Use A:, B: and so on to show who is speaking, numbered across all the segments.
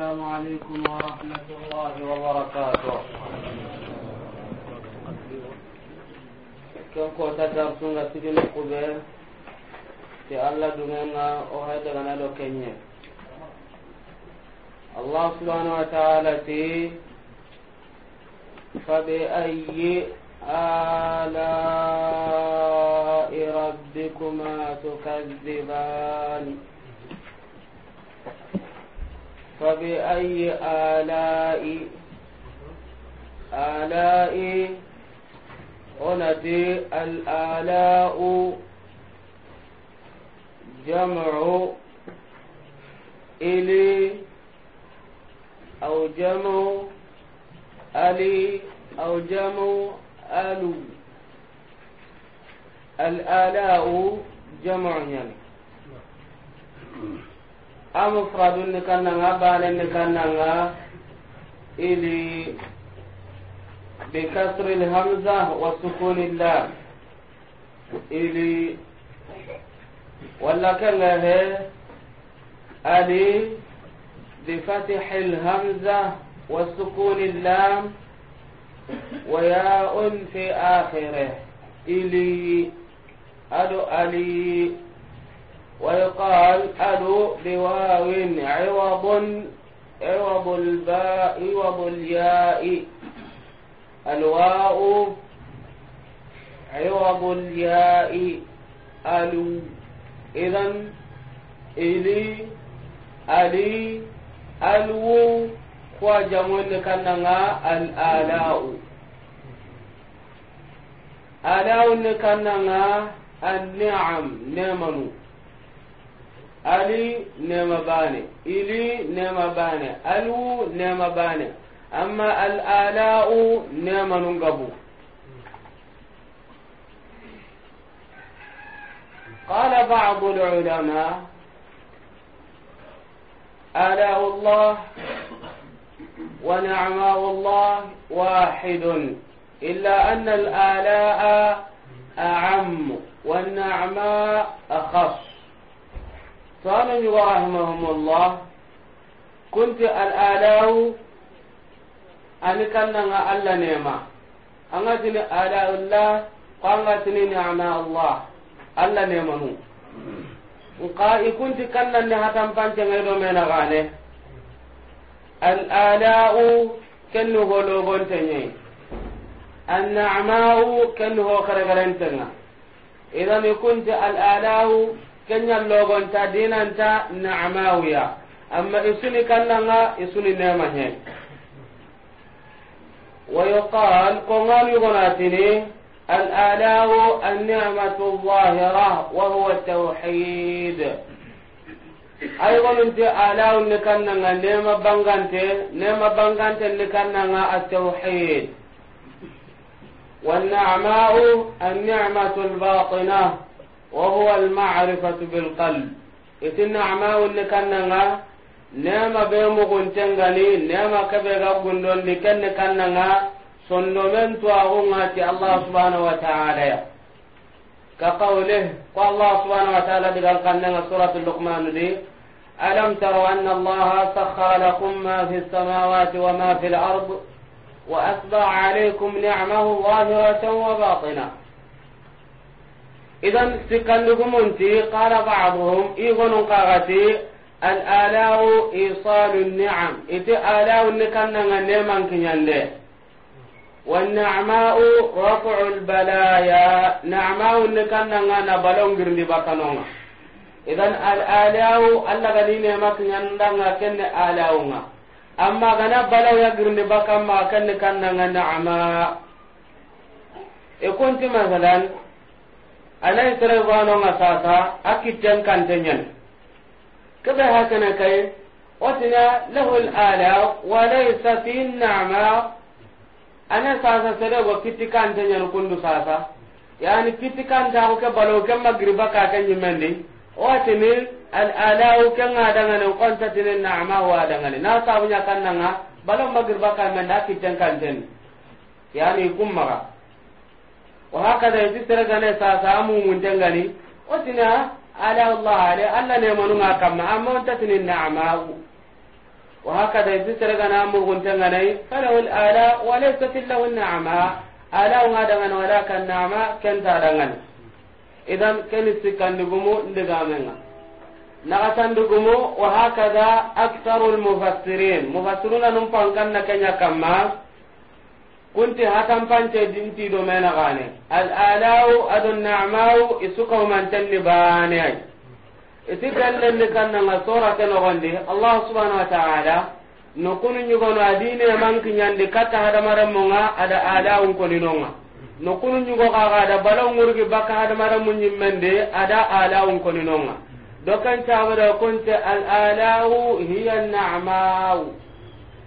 A: السلام عليكم ورحمة الله وبركاته كم كوتا درسونا سيدنا قبل في الله دمنا وهذا لنا لو الله سبحانه وتعالى في فبأي آلاء ربكما تكذبان فبأي آلاء آلاء ونتي الآلاء جمع إلي أو جمع ألي أو جمع ألو الآلاء جمع يعني amufradun ni kannanga banen ni kannanga ili بكسر الهمزة وسكون اللام إلي ولا كان ألي بفتح الهمزة وسكون اللام وياء في آخره إلي أدو ألي ويقال ألو بواو عوض عوض الباء عوض الياء الواو عوض الياء ألو إذا إلي ألي ألو وجمل كأنها الآلاء آلاء كأنها النعم نعمنو ali nema bane ili nema bane alu nema bane amma الالاء nema nun قال بعض العلماء آلاء الله ونعماء الله واحد إلا أن الآلاء أعم والنعماء أخص to ana ñugo rahimahumullah kunti al alau ani kannanga allah nema angatini alaullah ko angatini ni'ma allah allah nemanu nka ikunti kannanne hatanpancengai do menagane al alau kenni hologonteñei annamau kenni ho karegarentenga idan ikunti al alau kenya logonta dinanta na'amawiya amma isuni kannanga isuni nema he wa yuqal kongan yugonatini الآلاء النعمة الظاهرة وهو التوحيد أيضا أنت آلاء اللي كان نعمة بانغانت نعمة بانغانت اللي كان التوحيد والنعماء النعمة الباطنة وهو المعرفة بالقلب إتنا عماو اللي كان نغا نعم بيمو قنتنغني نعم كبر قندون لكن كان كان نغا سنمنت وغماتي الله سبحانه وتعالى كقوله قال الله سبحانه وتعالى بقال قلنا سورة اللقمان دي ألم تروا أن الله سخر لكم ما في السماوات وما في الأرض وأتبع عليكم نعمه ظاهرة وباطنة idan sikkandugumunti qala baduhum igonun kagati alalau isalu niam iti alau ni kannanga nemankiñande wannamau rafu lbalaya namau ni kannanga na balongirndi bakkanonga idan alalau allah gani nemakiñandanga kenne alaunga amma gana balaya girndi bakkanmaa kenne kannanga naama e konti masalan anayi sere vanonga sasa a kitten kante ñani kebe hakene kay otina lahu lala walaysa fi nama ana sasa serego kitti kante ñani kundu sasa yani kitti kantaku ke balo ke magriba kake ñimendi owatini alalau ke nga dangane kontatini nama wa dangane na kan kannanga balo magriba kamende a kitten kanteni yani kumara wa hakada yiti sergane sasa amumun tengani otina ala allah ale alla ne manunga kamma amma onta tini na'ma wa hakada yiti sergana amumun tengani falawul ala wa laysa tillahu na'ma ala wa dangan wala kan na'ma kenta dangan idan keni sikandugumu ndigamenga naxatandugumu wa hakada aktaru lmufassirin mufassiruna num pankanna kenya kunti hatampance dinti do mena gane al alau adon na'mau isuka man tanni bane ay itikalle ne kanna na sura tan gonde allah subhanahu wa ta'ala no kunu nyugo no adine man kinyande kata hada maramonga ada alau ko linonga no kunu nyugo ka ada balaw ngurgi baka hada maramun nyimmende ada alau ko linonga dokan tawara kunti al alau hiya na'mau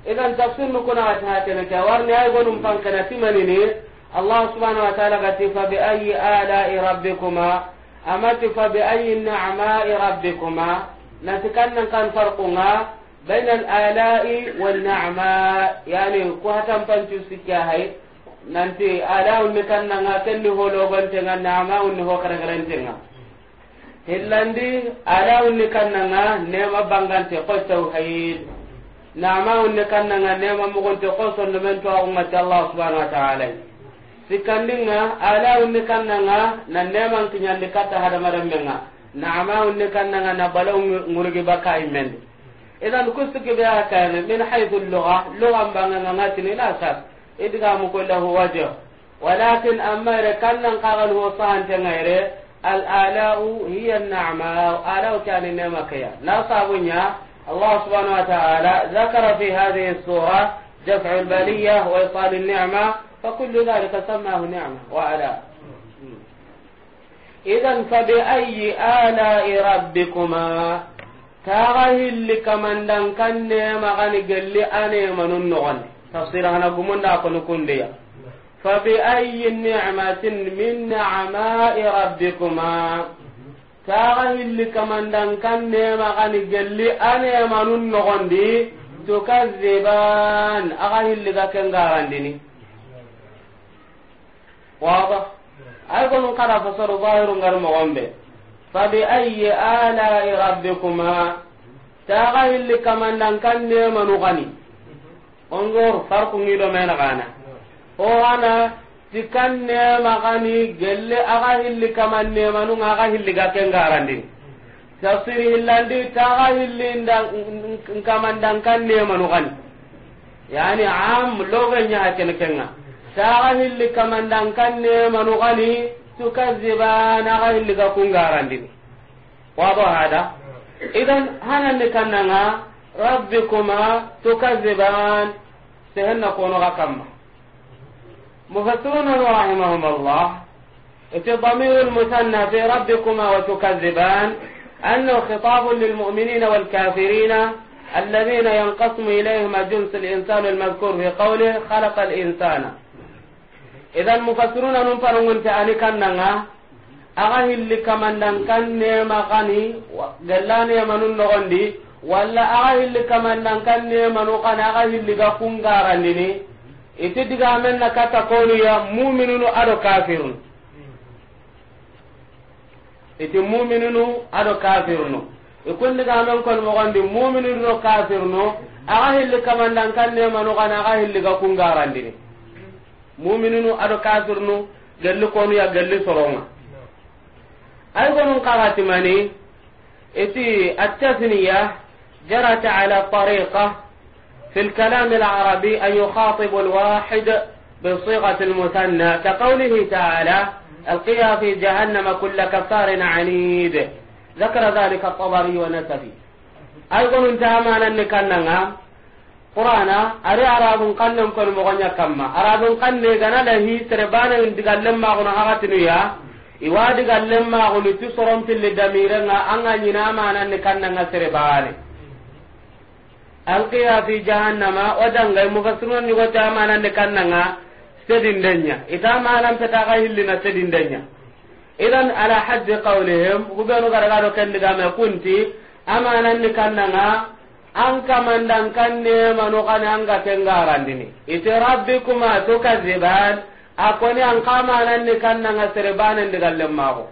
A: idan tafsir nu kuna wata hatene ke warni ay gonum pankana timanini allah subhanahu wa ta'ala gati fa bi ayi ala'i rabbikuma amati fa bi ayi ni'ma'i rabbikuma nati kannan kan farqunga bain al ala'i wal ni'ma yani ko hatan tu sikya hay nanti ala'un ni kannan ga kenni hologonte ga ni'ma'un ni ho karagarante ga hillandi ala'un ni kannan ga nema bangante ko tauhid namawunne kannanga nema mogonte ko sonno men to agungati allah subhanau wa taala sikkandinga alawunne nga na nemankiñandi katta hadamarenmenga namawunne nga na balaw ŋurigi bakkayi mendi idan su kusigibe ne min haythu lluga lugambanganga ngatini la sas idigamu ko lahu wajh walakin amma ere kannan kagal ho sahantenga ere al alau hiya nnama alau kani nemakaya na sabunya الله سبحانه وتعالى ذكر في هذه السورة دفع البلية وإيصال النعمة فكل ذلك سماه نعمة وعلا إذا فبأي آلاء ربكما تاغهل لكمن دان كان غني قل لي أنا من النغن تفصيل أنا قمنا لأكون كن لي فبأي نعمة من نعماء ربكما kaga hilli kamandan kan nema gani gelli anemanun nogondi tukaziban aga hilli ga kengarandini waba ay gonu kada fa fasaru zahiru ngar mogombe fabi ayi alai rabbikuma taga hilli kamandan kan nemanu gani ongor farku ngido mena gana o ana ti kan nema gani gelle aga hilli kaman nema nun aga hilli ga ken garandin tafsir hillandi ta aga hilli kaman dan kan nema nu gani yani am loge nya ken kenga ta aga hilli kaman dan kan nema nu gani tu na aga hilli ga kun garandin wa ba hada idan hanan ne kannanga rabbikuma tukazziban sehenna kono ga kamma مفسرون رحمهم الله في ضمير المثنى في ربكما وتكذبان أنه خطاب للمؤمنين والكافرين الذين ينقسم إليهما جنس الإنسان المذكور في قوله خلق الإنسان إذا مفسرون من تأني كننا أغه اللي كمان نكن نيما غني قلان يما نغندي ولا أغه اللي كمان نكن نيما نغني أغه اللي قفون غارنيني iti diga men na kata konu ya mu'minunu ado kafirun iti mu'minunu ado kafirunu ikun diga men kon mo gandi mu'minunu kafirunu aga hilli kamandan kan ne manu kana aga hilli ga kungarandini mu'minunu ado kafirunu gelli konu ya gelli soronga ay gonun qaratimani iti at-tasniya jarat ala tariqah في الكلام العربي أن يخاطب الواحد بصيغة المثنى كقوله تعالى القيا في جهنم كل كفار عنيد ذكر ذلك الطبري ونسبي أيضا من تامانا نكنا قرانا أري أراب قنم كل مغنى كما أراب قنم غنى له سربانا من دقال لما غنى هغتنيا إوا دقال لما غنى تسرم تلي دميرنا أنا نينا مانا نكنا سربانا alqiya fi jahannama odangay mufassirun ni gota manande kannanga sedindenya ita manan peta ka hillina sedindenya idan ala hadd qawlihim hubenu garagado kendiga me kunti amanan ni kannanga an kamandan kanne manu kan anga kengarandini ite rabbikuma tukaziban akoni an kamanan ni kannanga serebanen digallemmago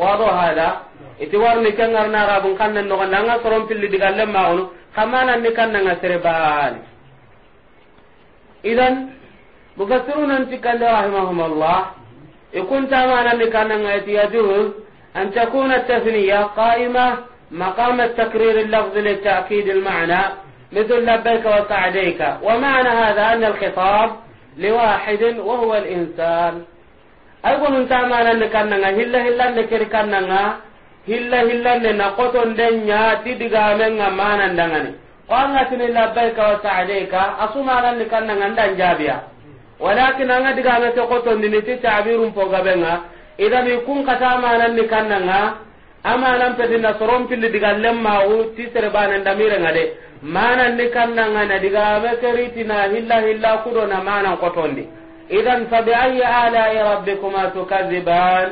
A: wado hada iti warni kengarna rabun kannan noganda anga soron pilli digallemmagono kamana ni kan nga serebani idan mufassirun ti kan da rahimahumullah ikun tamana ni kan nga ti yajuz an takuna tasniya qa'ima مقام التكرير اللفظ للتأكيد wa مثل لبيك وسعديك ومعنى هذا أن الخطاب لواحد وهو الإنسان أيضا انت أمانا لكنا هلا هلا لكري كنا hilla hillande na kotonde ñaati digamenga manandangani o angatini labbayka wa sadeyka asumananni kannanga ndan jaabiya walakin anga digame ke kotondini ti tabirum pogabenga idan ikun kata mananni kannanga amanan petina sorompilli digallen maxu ti serebanendamirenga de mananni nga na digame keritina hilla hilla kudo na manan kotondi idan fa biayi alai rabbikuma tukadiban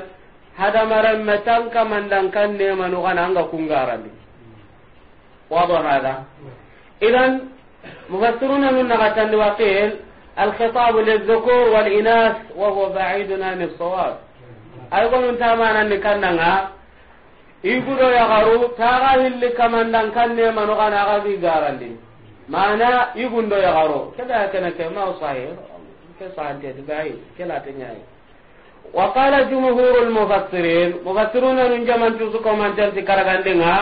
A: hadamaren metan kamandan kan nemanu kana anga kungarandi wado hada idan mufassiruna nun nagatandi wa qil الخطاب للذكور والإناث وهو بعيد عن الصواب أيضا تامانا نكنا igudo yagaru taga hilli kamandan kanne manu kana gabi garandi mana igundo yagaru kada kana kema sahih ke sahante dai kela tanyai وقال جمهور المفسرين مفسرون من جمن تسكم من جنس كرغندنا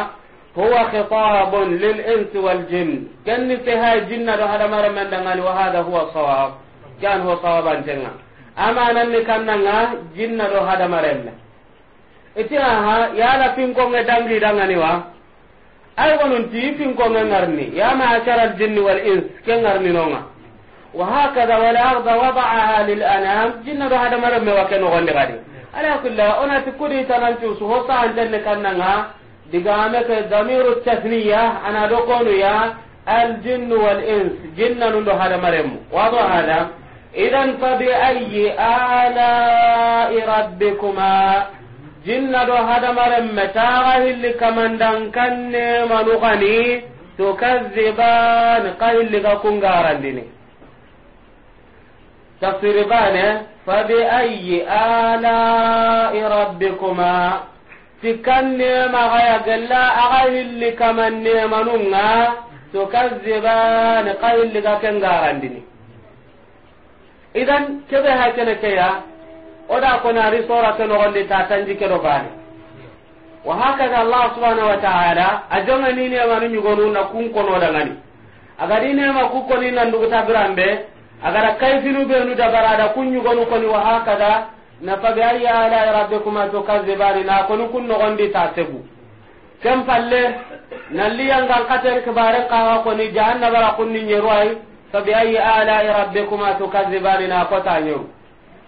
A: هو خطاب للإنس والجن كن سهاي جنة هذا مرمان دنغال وهذا هو الصواب كان هو صوابا جنة أما أنني كان جنة هذا مرمان itiaha yala pinkonge dangi danganiwa ay gonunti pinkonge ngarni ya maashara aljinni wal ins ke ngarninonga وهكذا والأرض وضعها للأنام جنة هذا مرم وكان غني غادي على كل أنا تكوني تنانتوس هو صعن جنة كنها دقامك ضمير التثنية أنا دقون يا الجن والإنس جنة نلو هذا مرم واضح هذا إذا فبأي آلاء ربكما جنة هذا مرم تاغه اللي كمان دنكن منغني تكذبان قيل لك كنغارا ديني tafsiri bane fa bi ayyi ala rabbikuma tikkan nema gaya gella aga hilli kaman nemanunga to kazzibane ka hilli ga idan kebe ha kene keya oda kona ri sora ke nogondi ta tanji kedo bane wa hakaza allah subhanahu wa ta'ala ajonga ni ne manu na kun kono agadi ne ku koni nan dugu agara kayfinu benu dabarada kunyugonu koni wa hakada nafabe ayi ala rabbikuma tukazibani na koni kun nogondi ta segu kem palle nalli yanga kater kibare kawa koni jahannabara kunni nyeruai fabi ayi ala rabbikuma tukazibani na ko kota nyeru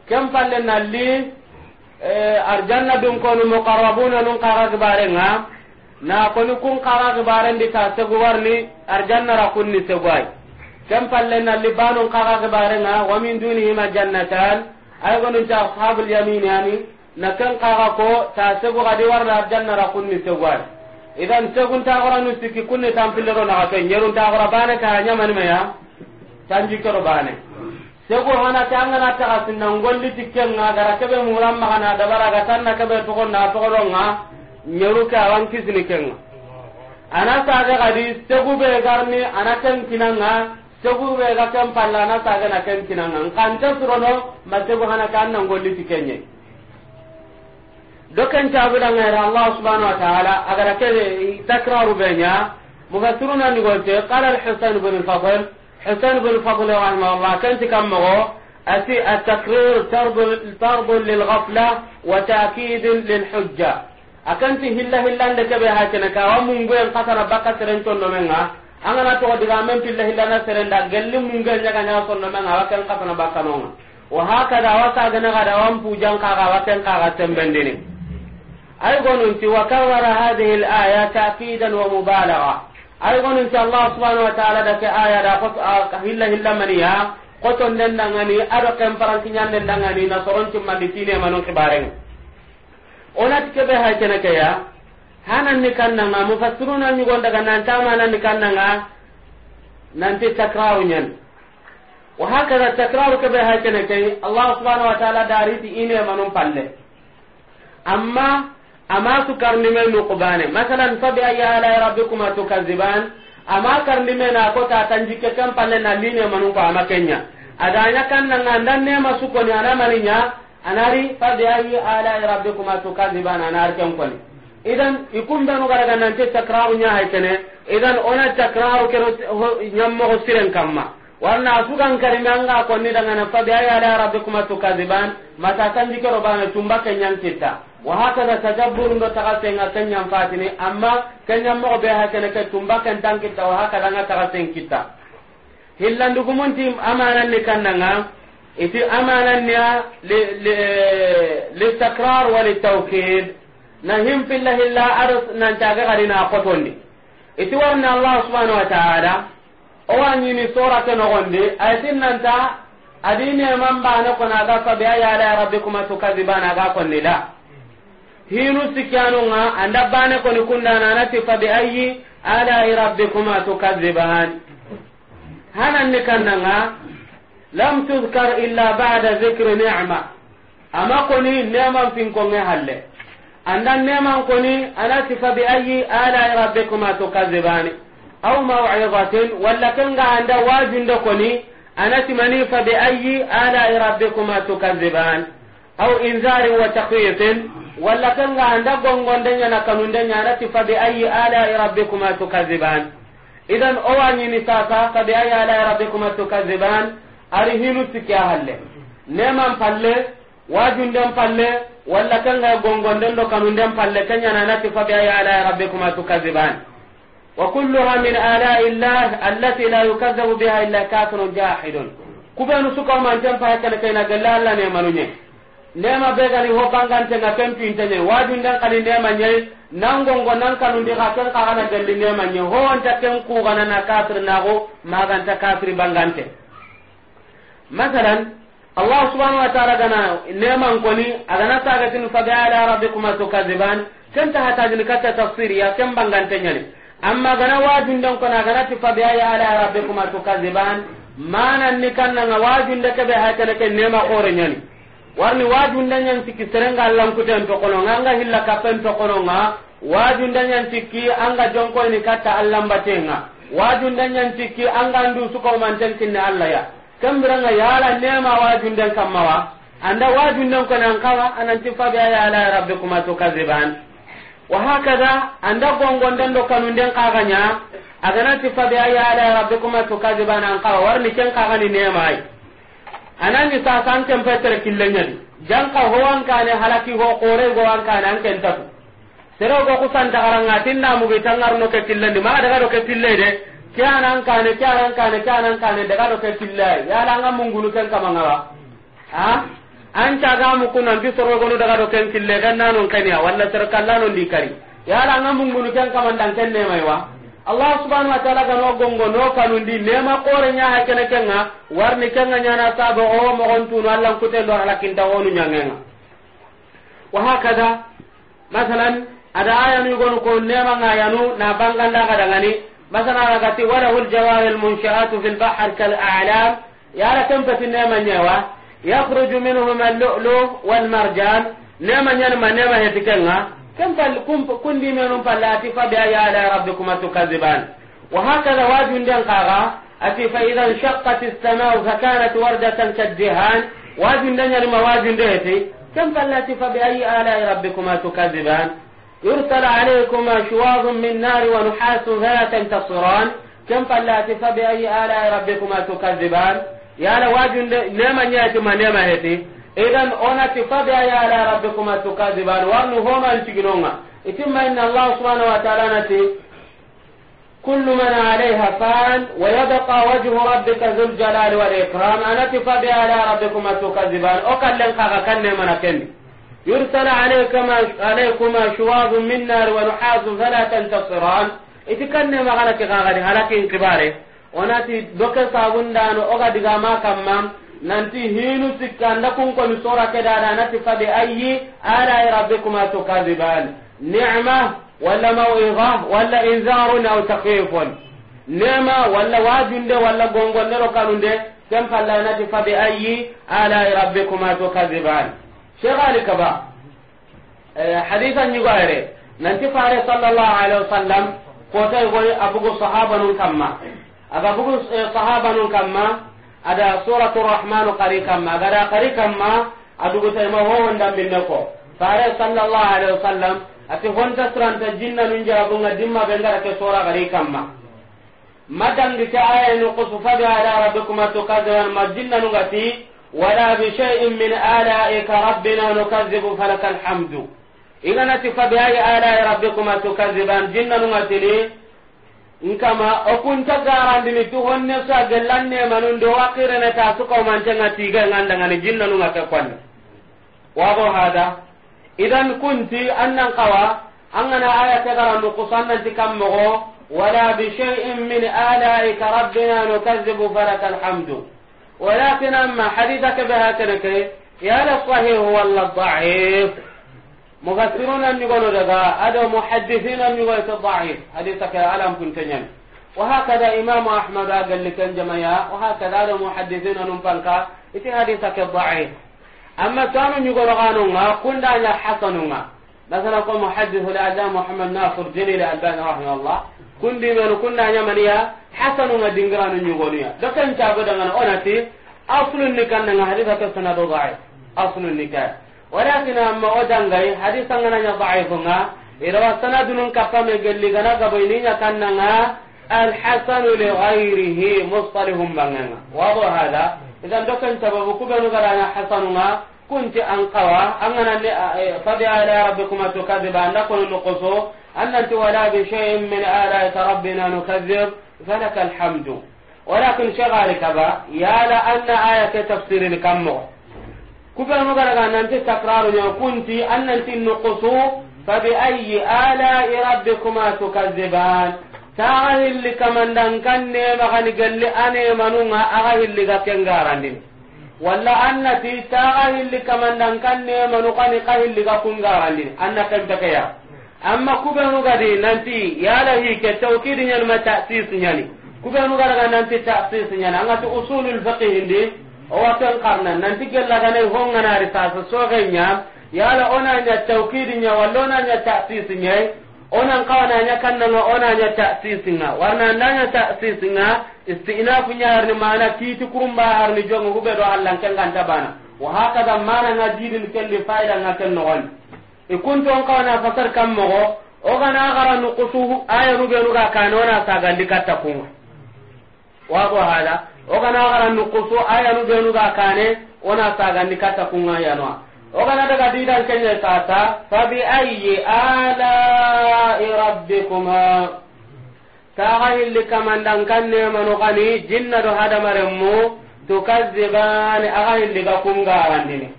A: kem palle nalli eh, arjanna dun konu muqarrabuna nun kaga kibare nga na koni kun kaga kibare ndi ta segu warni arjanna ra kunni seguai كم فلنا لبان قرا غبارنا ومن دونهما جنتان اي غن اصحاب اليمين يعني نكن قرا كو تاسبو غدي ورنا الجنه راكون نتوار اذا نتوكن تاغرا نسكي كن تامفلرو نغاتين يرون تاغرا بانك يا من ميا tanji koro bane sego hana tanga na ta asinna ngolli na gara kebe muram ma kana da bara gatan na kebe to gonna to gonna nyoru ka wan kisni ana ta ga gadi sego be garni ana ten kinanga tebu be ga kan palla na ta ga na kan kinanga kan ta surono ma tebu hana kan nan golli tikenye dokan ta bu dan ayra allah subhanahu wa ta'ala agar ke takraru benya mufassiruna ni golte qala al husayn ibn al fadl husayn ibn al fadl rahimahullah kan tikam ati at takrir tardu tardu lil ghafla wa ta'kid lil hujja akan ti hilla hilla ndeke be hakena ka wa mungu en qatara bakasren tondo menga angana to diga men pilla hillana serenda gelli mungel nyaga nyaga sonno men awa kan ka fana bakanonga wa haka da wasa gana ga da wan pujan ka ga waten ka ga tembendini ay gonun ti wa kawara hadhihi al aya taqidan wa mubalagha ay gonun ti allah subhanahu wa ta'ala da ke aya da ko hilla hilla maniya koton den dangani ado kan paranti nyan den dangani na soron timman ditine manon kibareng onat kebe hay tenake ya hanan ni kannanga mufassiruna ñugon daga nantamanani kannanga nanti takrawu ñani wa hakada takrawu keɓe ha kene kay allah subhanahu wa taala dariti manon palle amma amma su ama sukarndime nuqubane masalan fabi ayi kuma su kaziban amma karndime na ko tatanjikke na palle nallinemanum ko ama kenya adanya kannanga ndan nema ana anamaniña anari fabi ayi alai rabbikuma tukaziban anar ken koni idan ikumbenu garaga nante takraru nya haykene idan ona takraru kero nyammo ho siren kamma warna sugan karimi anga konni daga na fabi ay ala rabbikuma tukadiban mata tan dikero bana tumba kenyan kitta wa hakada tadabburu ndo tagase nga kenyan fatini amma kenyan mo be hakene ke tumba ken tan kitta wa hakada nga tagase kitta hillandu gumunti amanan ni kannanga iti amanan ya li li, li, li, li, li, li, li, li, li, li, li, li, li, na himpilla hilla ado gari na kotondi iti warni allah subhanahu wa taala owañini sorake nogondi aytin adini man ba na kona aga fabi ayala rabbikuma tukadibana aga konni da hinu nga anda na koni kundana fa bi ayi alai rabbikuma tukadiban hananni nga lam tuzkar illa bada zikri nicma ama koni neman finkonge halle andan neman koni anati fa bi ayi ala rabbikuma tukazibani aw maw'izatin walla kanga anda wajinda koni anati mani fa bi ayi ala rabbikuma tukazibani aw inzari wa taqwitin walla kanga anda gongondenya na kanundenya anati fa bi ayi ala rabbikuma tukazibani idan ni sasa fa bi ayi ala rabbikuma tukazibani ari hinu tikya halle neman palle wajun wajunden palle walla kan ga gongon gongonden do kanunden palle kanya na nati fabi ayi ala rabbikum tukaziban wa kulluha min ala llah allati la yukazzabu biha illa kafirun jahidun kubenu sukamanten pahe galla alla ne manunye ne ma be gani ho te na tempi kempi wajun wajunden kali ne ma nyai nan gongon nan kanun kanundi ka ken galli ne ma nyai ho anta ken ku kugana na kafir nago maganta kafir bangante masalan allah subhanahu wa ta'ala gana neman koni agana sagatin faga ala rabbikum atukadziban ken ta hata jini kata tafsiri ya ken bangante nyani amma gana wajin don kona gana ti faga ala rabbikum atukadziban mana ni kanna nga wajin da kebe hata ne ken nema kore nyani warni wajin da nyan siki serenga allah kuten to kono nga hilla ka kapen to kono nga wajin da nyan siki anga jonko ni kata allah batenga wajin da nyan siki anga ndu suko manten kinna allah ya kambiranga yala nema wajunden kamma wa anda wajunden kone an kawa ananti fabi ya ala rabbikum atukaziban wa hakada anda gongonden do kanunden kaganya aganati fabi ya ala rabbikum atukaziban an kawa warni ken kagani nema ay anani sa san ken petere killenyadi janka howan kane halaki ho kore go an kane an ken tatu sero go kusanta garanga tinda tangar tangarno ke killendi ma daga do ke kille de ke anan kane ke anan kane ke anan kane daga do ke tillai ya la nga mungulu ken kama ngara ha an ta ga mu kunan bi soro gonu daga do ken tillai kan nanon kaniya walla sarkalla non di kari ya la nga mungulu ken kama dan ken ne mai wa allah subhanahu wa taala gano gongo no kanundi nema kore nya nyaha kene kenga warni kenga nyana sabo o mogontunu allah kutendo halakinta wonu nya nyangenga wa hakada masalan ada ayanu gonu ko nema yanu na banganda kadangani مثلا غتي وله الجوار المنشآت في البحر كالأعلام يا لكم في النعمة يخرج منهما اللؤلؤ والمرجان نما نما نما يتكلنا كم فلكم كن دي منهم فلاتي فبأي آلاء ربكما تكذبان وهكذا واجن دنقاغا أتي فإذا انشقت السماء فكانت وردة كالدهان واجن دنيا لما واجن كم فلاتي فبأي آلاء ربكما تكذبان ارسل عليكما شواظ من نار ونحاس فلا تنتصران كم فلات فبأي آلاء ربكما تكذبان يا لواجن نيات ما نعم هتي إذن أونتي فبأي آلاء ربكما تكذبان وأنه هما انتقنونا إتم إن الله سبحانه وتعالى نتي كل من عليها فان ويبقى وجه ربك ذو الجلال والإكرام أنا تفبي آلاء ربكما تكذبان أكلم قاقا كن من كني يرسل عليكما عليكما شواظ من نار ونحاس فلا تنتصران itikanne magana ke kagadi halakin kibare onati doke sabundano oga digama kamma nanti hinu sikka anda kunkoni sora ke dada anati fabi ayi alai rabbikuma tukadiban nicma walla mawida walla inzarun au takhifun nicma walla wajunde walla gongollero kanunde ken pallanati fabi ayi alai rabbikuma tukadiban ba kegani eh, kaba hadisa ñigoyere nanti fare sallallahu alaihi wasallam kotay goy abugu sahaba nun kamma aga bugu sahaba nun kamma ada suratu rahman qari kamma agada qari kamma adugu tayma howondambinne ko fare sallallahu alaihi wasallam ati honta suranta jinna nun jarabunga dimma be ngara ke sura qari kamma madangi ta ayanu qusufa bi ala rabbikuma tukadawan majinna nun gati ولا بشيء من آلائك ربنا نكذب فلك الحمد إذا نتفى بأي آلاء ربكما تكذبان جنة نغتلي nkama okunta garandini tu honne sa gellanne manundo wakirene ta suka mantenga tiga ngandangani jinna nunga ke kwanni wago hada idan kunti annan kawa angana aya ke garandu kusannanti kammogo wala bi shay'in min alaika ولكن أما حديثك بهاتنك يا الصحيح ولا الضعيف مفسرون أن يقولوا لك هذا محدثين أن يقولوا الضعيف حديثك ألم كنت نم وهكذا إمام أحمد قال لك يا وهكذا هذا محدثين أن ينفلقا إتي حديثك الضعيف أما كانوا يقولوا غانونا قلنا يا حسنونا مثلا قل محدث الأعلام محمد ناصر جليل الألباني رحمه الله كن بمن كنا يمنيا نعم hasanu nga dingirano ta do ken na onati aslu ni kannanga hadisa ke sanado daif aslu ni ke walakin amma o dangai hadisa nganaña daifu nga irawa sanadunun kappame gelli gana gaboyniña kannanga alhasanu ligayrihi mustalihum banganga wado hada idan do ken cababu kuɓenu garana hasanunga kunti an kawa an gana ne e, fabi ala rabbikuma tukadiba anda kono nokoso annanti wala bi shay'in min ala rabbina nukadhib falaka alhamdu walakin shagali kaba yala anna ayata tafsirin kammo kubel mo garaga nanti takraru nya kunti annanti nokoso fabi ayyi ala rabbikuma tukadiban taga hilli kamandan kanne magani galli ane manunga aga hilli kengarandini wala walla annati taxa hilli kamandan kan nemanu kani ka hilli ga kungarandini anna kempekeya amma kubenugadi nanti yala hike nyali ñanuma tasis ñani kubenugadaga nanti tasis ñani angati usulul fiqihindi owaten karna nanti gellaganai honganari sasa sogenya yala onanya tawkidi ña walla onanya tasis nyai. onan kawana nya kannanga ona nya ta'sisinga warna ndanya ta'sisinga istinafu nya harni mana titi kurumba harni jongo hube do Allah kan kan tabana wa hakaza mana na dinin kende faida nga kan no wal e kunto on kawana fasar kam mogo o gana gara no qusuhu aya rube no ga kanona saga ndikata kunga wa go hala o gana gara no qusu aya rube no ga kane ona saga ndikata kunga yanwa ogana daga didan kenya tata fabi ayi ala rabbikuma taxa hilli kamandan kan nemanu xani jinna do hadamaremmu tukazibani axa hilliga kungarandini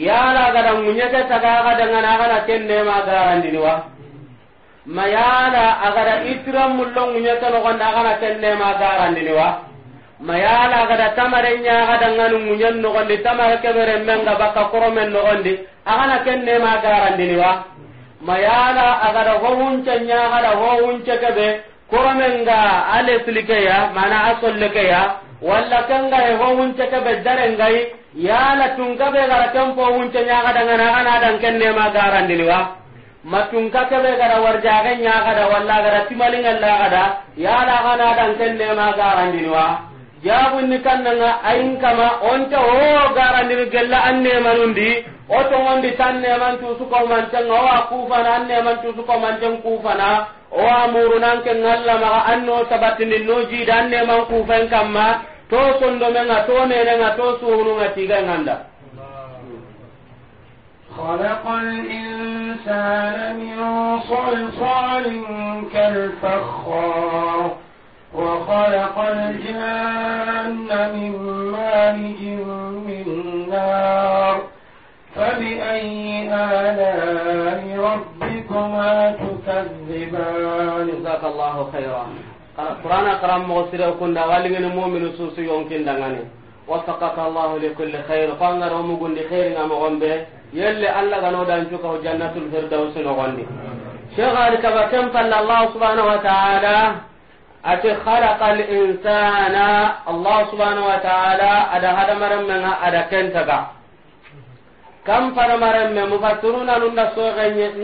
A: yala gada muñeke taga axa dangana axana ken nema garandini wa ma yala agada itira mullo muñeke noxonde axana ken nema garandini wa mayala gada tamare gada nganu munyen no gonde tamare kebere menga baka koromen no gonde agana kenne ma ni wa mayala agada nya gada da hohunce kebe ga ale ya mana ya walla kanga he hohunce kebe darengai yala be gara kempo hunce gada ngana ana dan kenne ma ni wa matunka kebe gara ga nya da walla gara la gada yala gana dan kenne ma ni wa jabunni kannanga ayin kama onta o garandini gella an nemanundi o togondi tan neman tusukomantenga owa kufana an neman tusukomanten kufana owa murunanke ngallamaga an no sabatini no jida an neman kufan kamma to sondomenga to nenenga to suhununga tiga nganda خلق الإنسان من صلصال كالفخار وخلق الجن من مارج من نار فبأي آلاء ربكما تكذبان جزاك الله خيرا قرآن قرآن مغسر وكن دغالين المؤمن سوسي يمكن دغاني وفقك الله لكل خير فانغر ومغن لخير نمغنبه يلي الله غنو دانجوكه جنة الفردوس نغني شغال كبكم فالله سبحانه وتعالى ati khalaqa al-insana Allah subhanahu wa ta'ala ada hada maram men ada kentaga kam para maram men nun nunda so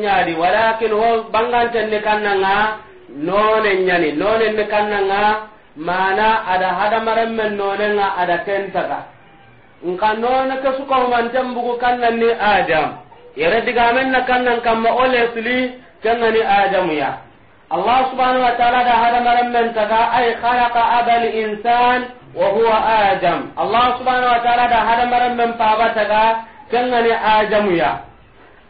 A: nyadi walakin ho bangan ne kannanga none nyani none ne kannanga mana ada hada men none nga ada kentaga nka none ke suka humantem bugu ni adam yere digamen na kannan kamma olesli ni adamu ya allah subhanahu wa ta'ala da hadamaren man taga ay khalaqa abal insan wa huwa adam allah subhanahu wa ta'ala da hadamaren men paba taga kengani adamu ya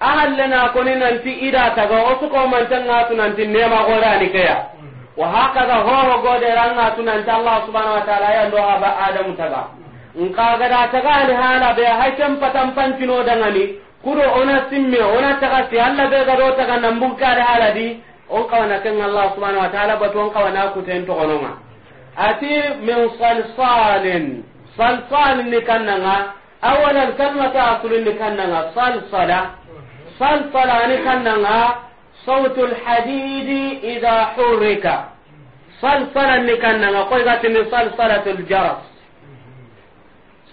A: ahallena koni nanti ida taga o suko man tanga tunanti nema goda ni kaya mm-hmm. wa haka hakaza hoho gode ranga tunanti allah subhanahu wa ta'ala ya ndo aba adamu ta mm-hmm. nkagada ni hala be hayken patan da dangani kuro ona simme ona ta tagasi alla be ta taga nan kare hala di on kawana ken allah subhanahu wa ta'ala batu on kawana ku ten to gononga ati min salsalin salsalin ni kannanga awalan ta asulin ni kannanga salsala salsala ni kannanga sautul hadidi idha hurrika salsala ni kannanga koy min salsalatul jaras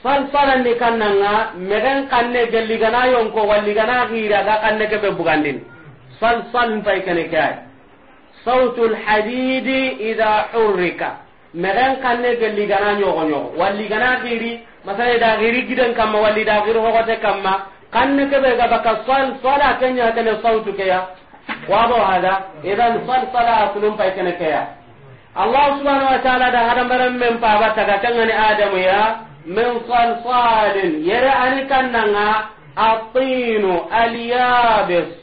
A: salsala ni kannanga megen kanne gelligana yonko walligana hira ga kanne be bugandini sal sal pay kene kay sautul hadidi ida hurrika megen kanne gelli gana nyogo nyogo walli gana giri masala da giri gidan kamma walli da giri hogote kamma kanne kebe ga baka sal sala kenya kene sautu kaya wabo hada idan sal sala aslum pay kene kaya allahu subhanahu wa ta'ala da hadan baran men pa bata ga tangani adamu ya min salsalin yara ani kannanga atinu alyabis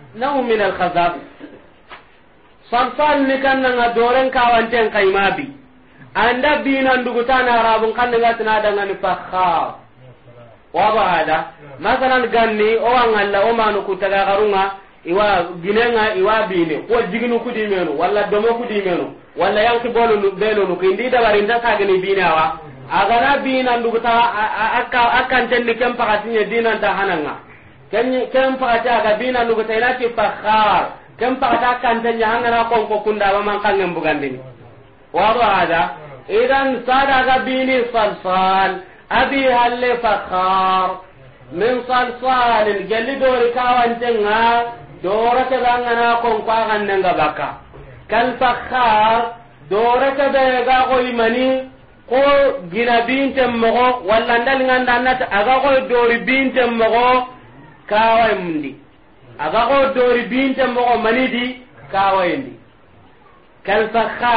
A: nahu min al khazab sarsan ni kan nga doren kawanten kayma bi anda binan dugutana arabun kan nga tinada ngani fakha wa baada masalan ganni o wangalla o manu kutaga garunga iwa ginenga iwa bine ko jiginu kudi menu walla domo kudi menu walla yanki bolu belu nu kindi da barinda kagani binawa agana dugu ta akka akan tenni kem pakatinya dinan ta hananga ken pakataga bina lugota inati fakar ken pakata ko ko kunda ba man kangen bugandini wado hada idan sadaga bini salsal abi halle fakhar min salsalin gelli dori kawantenga ngana be angana konko agannenga baka. kal fakar dorake be ga goyimani ko gina binten mogo walla ndalingandanati aga ko dori binten mogo kawai mundi aga ko dori binte mogo manidi kawayendi kal sakha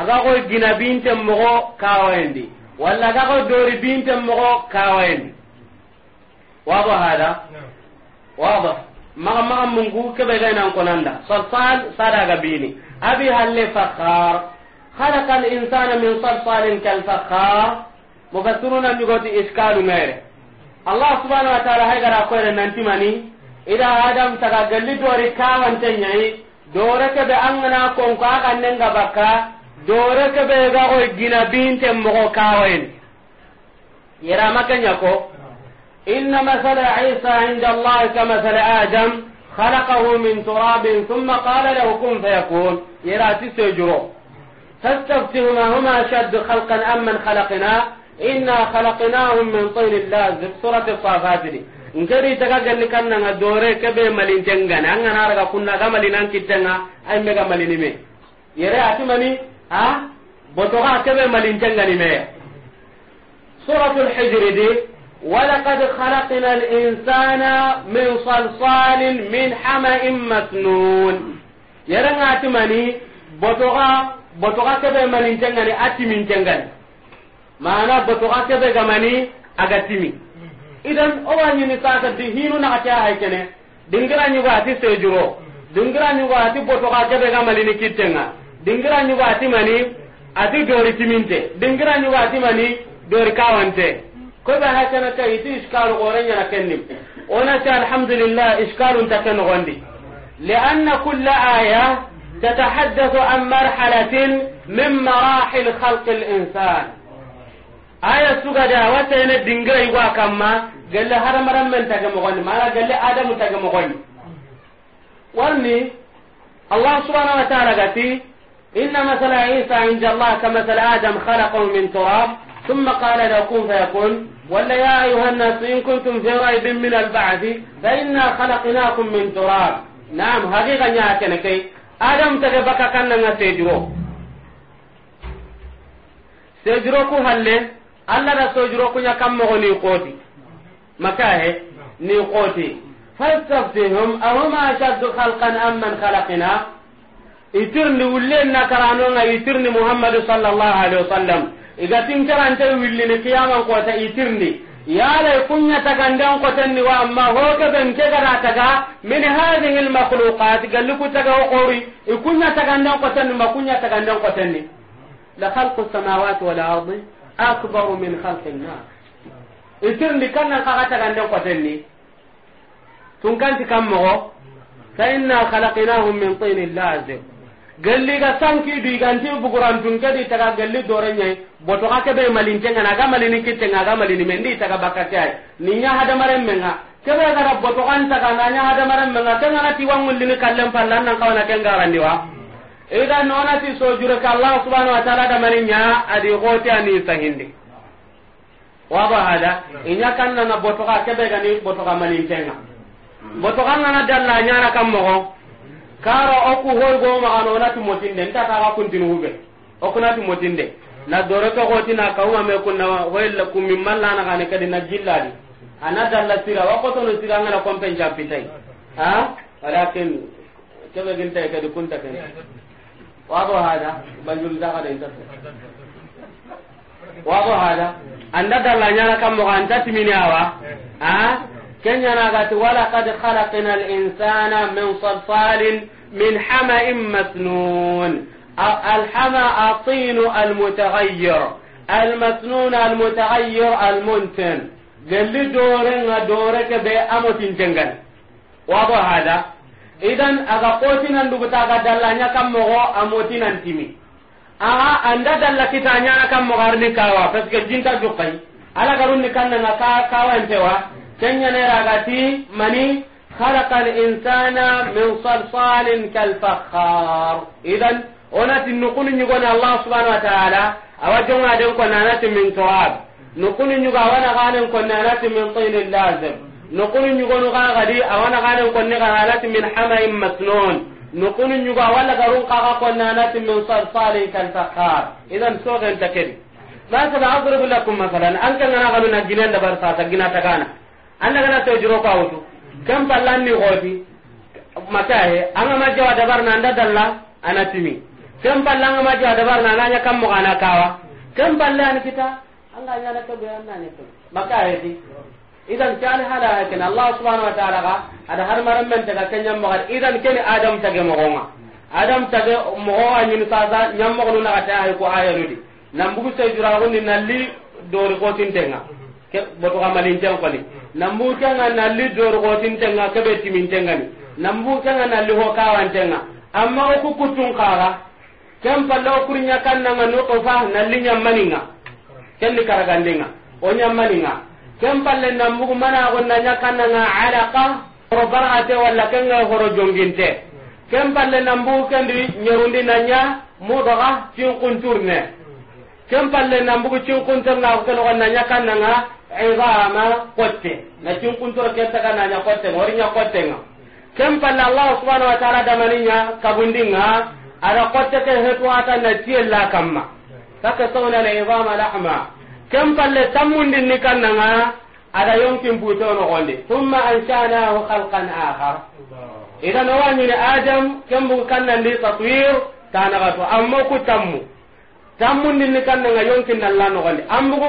A: aga ko gina binte mogo kawayendi walla aga ko dori binte mogo kawayendi wabo hada wabo maga maga mungu kebe ga nan konanda salsal sada ga bini abi halle fakhar khalaqa al insana min salsalin kal fakhar mufassiruna nyugoti iskalu ngere allah subhanahu wa taala hay gara koyre nanti mani ida adam taga galli dori kawante nyai dore ke be angana kon nenga bakka dore ke be ga o gina binte mo kawen yera makanya ko inna masala isa inda allah kama sala adam khalaqahu min turab thumma qala lahu kun fayakun yera tisejuro tastaftihuma huma ashad khalqan am man khalaqna inna khalaqnahum min tin lazib surati safat ni ngari daga galli kanna nga dore kebe malin tengana anga nara ga kunna ga malinan kitanga ay mega malini me yere ati mani ha boto ga kebe malin tengani me suratul hijr di ولقد خلقنا min من صلصال من حمأ مسنون يرنا أتمني بطغى بطغى كبه من تنغني أتي min تنغني mana botoxa keɓe gamani aga timi hmm. idan owa ñini sakati hinu naxate hay kene dingira ñugo ati sejuro hmm. dingira ñugo ati botoxa keɓe gamanini kittenga hmm. dingira ñugo ati mani ati dori timinte dingira ñugo ati mani dori kawante koɓe hay kene ka iti iskalu oreñana kennim onati alhamdulillah iskalunta ke noxondi لأن كل آية تتحدث عن مرحلة من مراحل خلق الإنسان aya suka da wata ne dingira yi wa ma galle haramaran men ta ga mogon mala galle adamu ta ga mogon warni allah subhanahu wa ta'ala ga inna masala isa inda allah ka masala adam khalaqahu min turab thumma qala lahu kun fayakun walla ya ayuha an-nas in kuntum fi raybin min al-ba'th fa inna khalaqnakum min turab na'am haqiqan ya kana kai adam ta ga baka kan nan Sejuro Sejuro jiro ku halle alla da sojuro kunya kam mo ni qoti maka he ni qoti fastaftihum ahuma ashaddu khalqan am man khalaqna itirni na karano nga itirni muhammad sallallahu alaihi wasallam ko ta itirni yala kunya wa amma ben ke gara min hadhihi al makhluqat qori ikunya la khalqu samawati wal ardi akbaru min khalqin nar itirndi kannan kaxa ko kotenni tun kanti kam moxo fa inna khalaqnahum min tin lazim galli ga sanki du iganti bugurantun kedi taga gelli dore nyai boto ka kebe malinte ngana ga malini kitte ga malin men mendi taga bakka kai ni nya hada maren menga kebe ga boto kan taga na nya hada maren menga tanga na wangul lini kallen pallan nan kawana ken garandi wa ida nonati sojure ka allah subhanahu wa taala damani nya adi goti ani sahindi ba hada hmm. inya kanna na botoka kebe gani botoka mani tenga botoka na dalla nya na kammo karo oku hoy go ma ano na tu motinde nta ta ka kuntinu hube oku na tu motinde na doro to goti na ka wa me kunna hoy la kum min malla na gane kadi na jillali ana dalla sira wa ko to no sira ngana kompen jampitai ha walakin kebe gintai e kadi kunta kan واضح هذا بجل دغد يتصل واضح هذا أن دل لنا كم مغانتات من يوا ها كن يناغت ولقد خلقنا الإنسان من صلصال من حمأ مسنون الحمأ الطين المتغير المسنون المتغير المنتن قال لي دورنا دورك بأموت جنجل واضح هذا idan aga kotinanduguta aga dallanya kam mogo amotinantimi aga anda dalla kitanyana kan mogo arni kawa parce que jinta jukkai ala kan kannanga ka kawantewa kenyaneragati mani خلق الإنسان من صلصال كالفخار إذا nukuni nukunu na allah subhanahu wa taala awa jongaden ko nanati min toab nukunu ñuga awana ganen ko nanati min tinin lazim nukunu ñugonu ka gadi awana ganen konne ka halati min hamain masnon nukunu ñugo awalla garun kaka konne anati min sarsalin kantakar idan so sogenta kedi masala adribu lakum masalan an kangana ganuna ginen dabar sasa gina tagana anda gana tejuro ko awutu kam pallanni gooti makahe anga ma jawa dabar na anda dalla anatimi kam pallanga ma jawa dabar na nanya kam mo kana kawa kam pallani kita anga nyana to be anna ne to makahe di idan kan hala ken allah subhanahu wa ta'ala ga ada har maran men daga ken nyam magar idan ni adam tage mo gonga adam tage mo wa ni sa za nyam mo no na ta hay ko aya no di nam bugu sey jura ko ni nalli do ri ko tin tenga ke bo to malin tan ko ni nam bu kan nalli do ri ko tin tenga ke be timin tenga ni nam bu kan nalli ho ka wan tenga amma ko ku kutun kara kem pallo kurnya kan na no to fa nalli nyam maninga ken ni karagandenga o nyam maninga ken palle nambugu mana gonna ñakkannanga alaqa horo barate wala walla kenga horo jonginte ken palle na kendi ñerundi naña mudoxa cinkunturne ken palle nambugu cinkuntorngaku kelogonna ñakkannanga idama kotte na cinkuntoro ken taga naña kottenga wori ña nga. ken palle allah subhanau wa taala damaniña kabundinga ada kotte ke hetuwata na tiyella kamma kake na idama lahma kem palle tammundin ni kanna nga ada yonkin buto no gonde thumma anshanahu khalqan akhar idan wani ni adam kem bu kannandi tatwir tanaga to amma ku tammu tammundin ni kanna nga yonkin dalla no gonde ambugo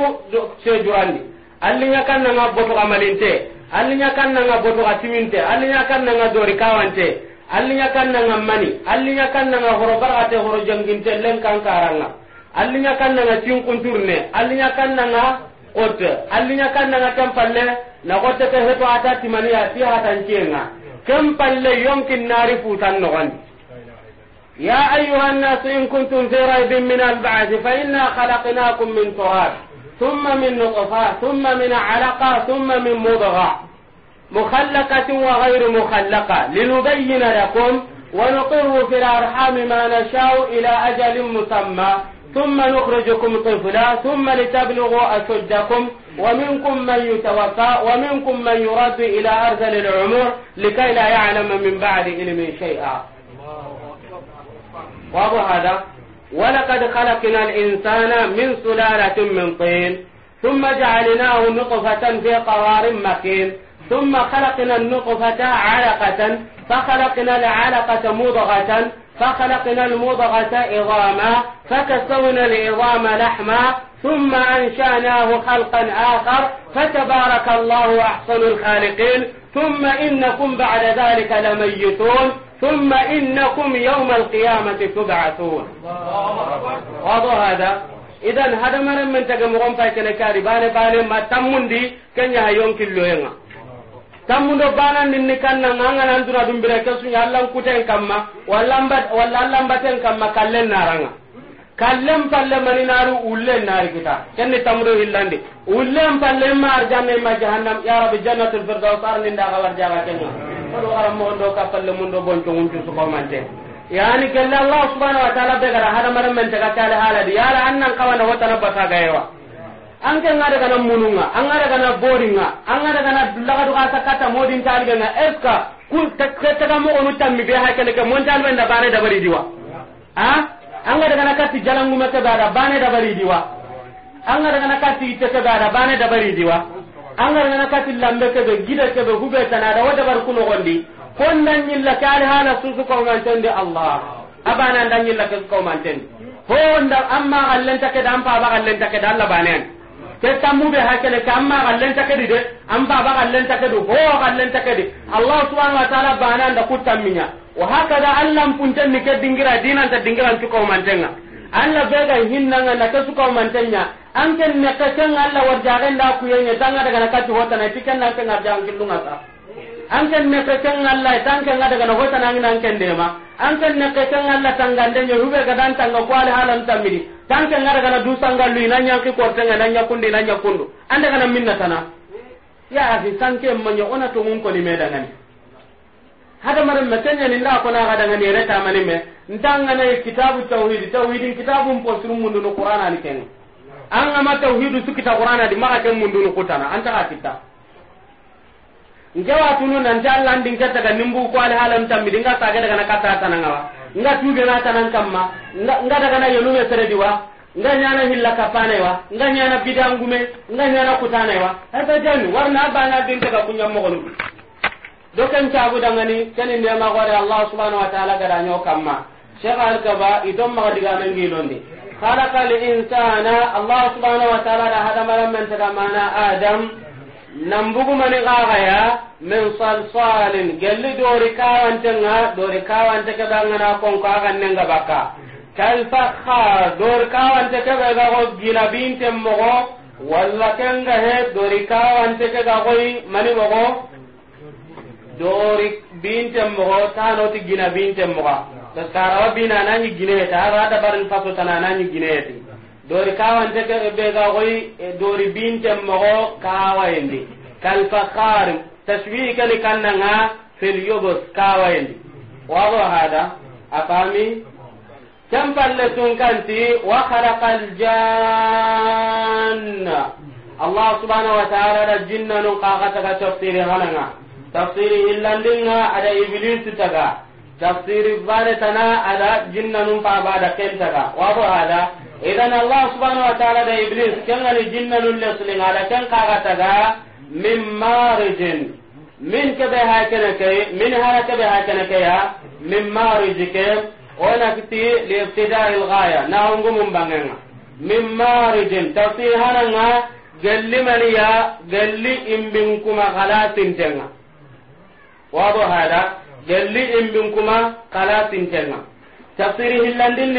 A: se jurandi allinya nga boto kamalinte allinya nga boto katiminte allinya kannanga dori kawante allinya nga mani allinya nga horo barate horo janginte len kan kankaranga allinya kannanga tin kunturne allinya kannanga qotte allinya kannanga tan palle na qotte ke heto ata timani ya ti hatan kenga kam palle yomkin nari futan no gandi يا أيها الناس إن كنتم min ريب من البعث فإنا خلقناكم من تراب ثم من نطفة ثم من علقة ثم من مضغة مخلقة وغير مخلقة لنبين لكم ونقر في الأرحام ما نشاء إلى أجل مسمى ثم نخرجكم طفلا ثم لتبلغوا أشدكم ومنكم من يتوفى ومنكم من يرد إلى أرذل العمر لكي لا يعلم من بعد علم شيئا واضح هذا ولقد خلقنا الإنسان من سلالة من طين ثم جعلناه نطفة في قرار مكين ثم خلقنا النطفة علقة فخلقنا العلقة مضغة فخلقنا المضغة عظاما فكسونا العظام لحما ثم أنشأناه خلقا آخر فتبارك الله أحسن الخالقين ثم إنكم بعد ذلك لميتون ثم إنكم يوم القيامة تبعثون واضح هذا إذا هذا ما من تجمعون فايتنا كاري باني باني ما تمون دي كن يهيون كلوهنا tammundo banandinni kannanga angana antuna dum bire kesuña allankuten kamma walla allambaten kamma kallen naranga kallen palle mani naari ullen naari kita kenni tammudo hillandi ullen palle ma arjanna ima jahannam ya rabbi jannatul firdaus arnindaga warjaga kenga oɗo aramogondo ka palle mundo boncoguncu sukomante yani kelle allah subhanau wa taala begara hadamaren men tega kale haladi yala annan kawana wotana bataga yewa anke ngada kana mununga angada kana boringa angada kana dulaga duka sakata modin talga na eska ku takka mo onu tammi be ha kale ke mon wenda bare da bari diwa ha angada kana kati jalangu meke bada bane da bari diwa angada kana kati itte ke bada bane da bari diwa angada kana kati lambe ke be gida ke be hube tanada wada bar kuno gondi konnan nyilla kali hala susu ko ngantende allah abana ndan nyilla ke ko mantende ho nda amma gallenta ke dampa ba gallenta ke dalla banen ke tammu be hakele ke amma gallen takedi de an baba gallen takedu ho gallen takedi allah subhanahu wa ta'ala bana nda kutamminya wa hakada allam punten ni ke dingira dinan ta dingiran ko mantenga ga hinna hinnanga na ke suka mantenya an ken ne ke ken allah warjaren da kuyenya tanga daga na kati hota na tikan na ke ngarjang kilunga ta an ken ne ken Allah tan ken daga na hota nan nan ken ma an ken ne ken Allah tangande nyo rube ga dan tanga ko ala halan tamiri tan ken daga du sanga nan nya ki korte nan nya kundi nanya nya kundu an daga nan minna tana ya afi tan ken manyo ona to mun ko ni meda ngani hada maram matanya ni la ko na ga daga ne reta mani me ndanga ne kitabu tauhid tauhid kitabun posrum mundu no qur'ana ni ken an ma tauhid su kita qur'ana di ma ken mundu no kutana an ta kita nge watunu nanti allah ndin kettaga nimbu ko ali halam tammi dinga sage daga na katta tananga wa nga tuge na tanan kamma nga daga na yelume seredi wa nga nyana hilla kapane wa nga nyana bidangume nga nyana kutane wa hada jani warna bana din daga kunya mogonu doken tagu dangani kani ndema gore allah subhanahu wa ta'ala gada nyo kamma sheikh al kaba idom ma diga men gilondi khalaqa al insana allah subhanahu wa ta'ala da hada maram men tada adam nambugumani kakaya min salsalin gelli dori kawantenga dori kawante keɓengana konko agannenga bakka kalfakha dori kawante keɓega gina ginabinten mogo walla kenga he dori kawante ke koy mani mogo dori binten mogo tanoti gina binten moga parce que arawa bina anani ginehete ara dabarin faso tana anani dori kawante ɓe ga koy e dori binten mogo kawayendi kalfakar tashbihi kani kannanga fel yobos kawayendi wago hada a fami ken palle tun kanti wa halaka aljanna allah subhanahu wa taala da jinna nun kakataga tafsiri hananga tafsiri hillandinga ada iblisu taga tafsiri bane tana ada jinna nun pabada ken taga wago hada idan allah subhanahu wa ta'ala da iblis kengani jinnalun lesling min marijin min min ya min kiti li ibtida'i na ungumum bangenga min marijin gelli gelli imbin kuma wado hada gelli imbin kuma tafsiri hillandin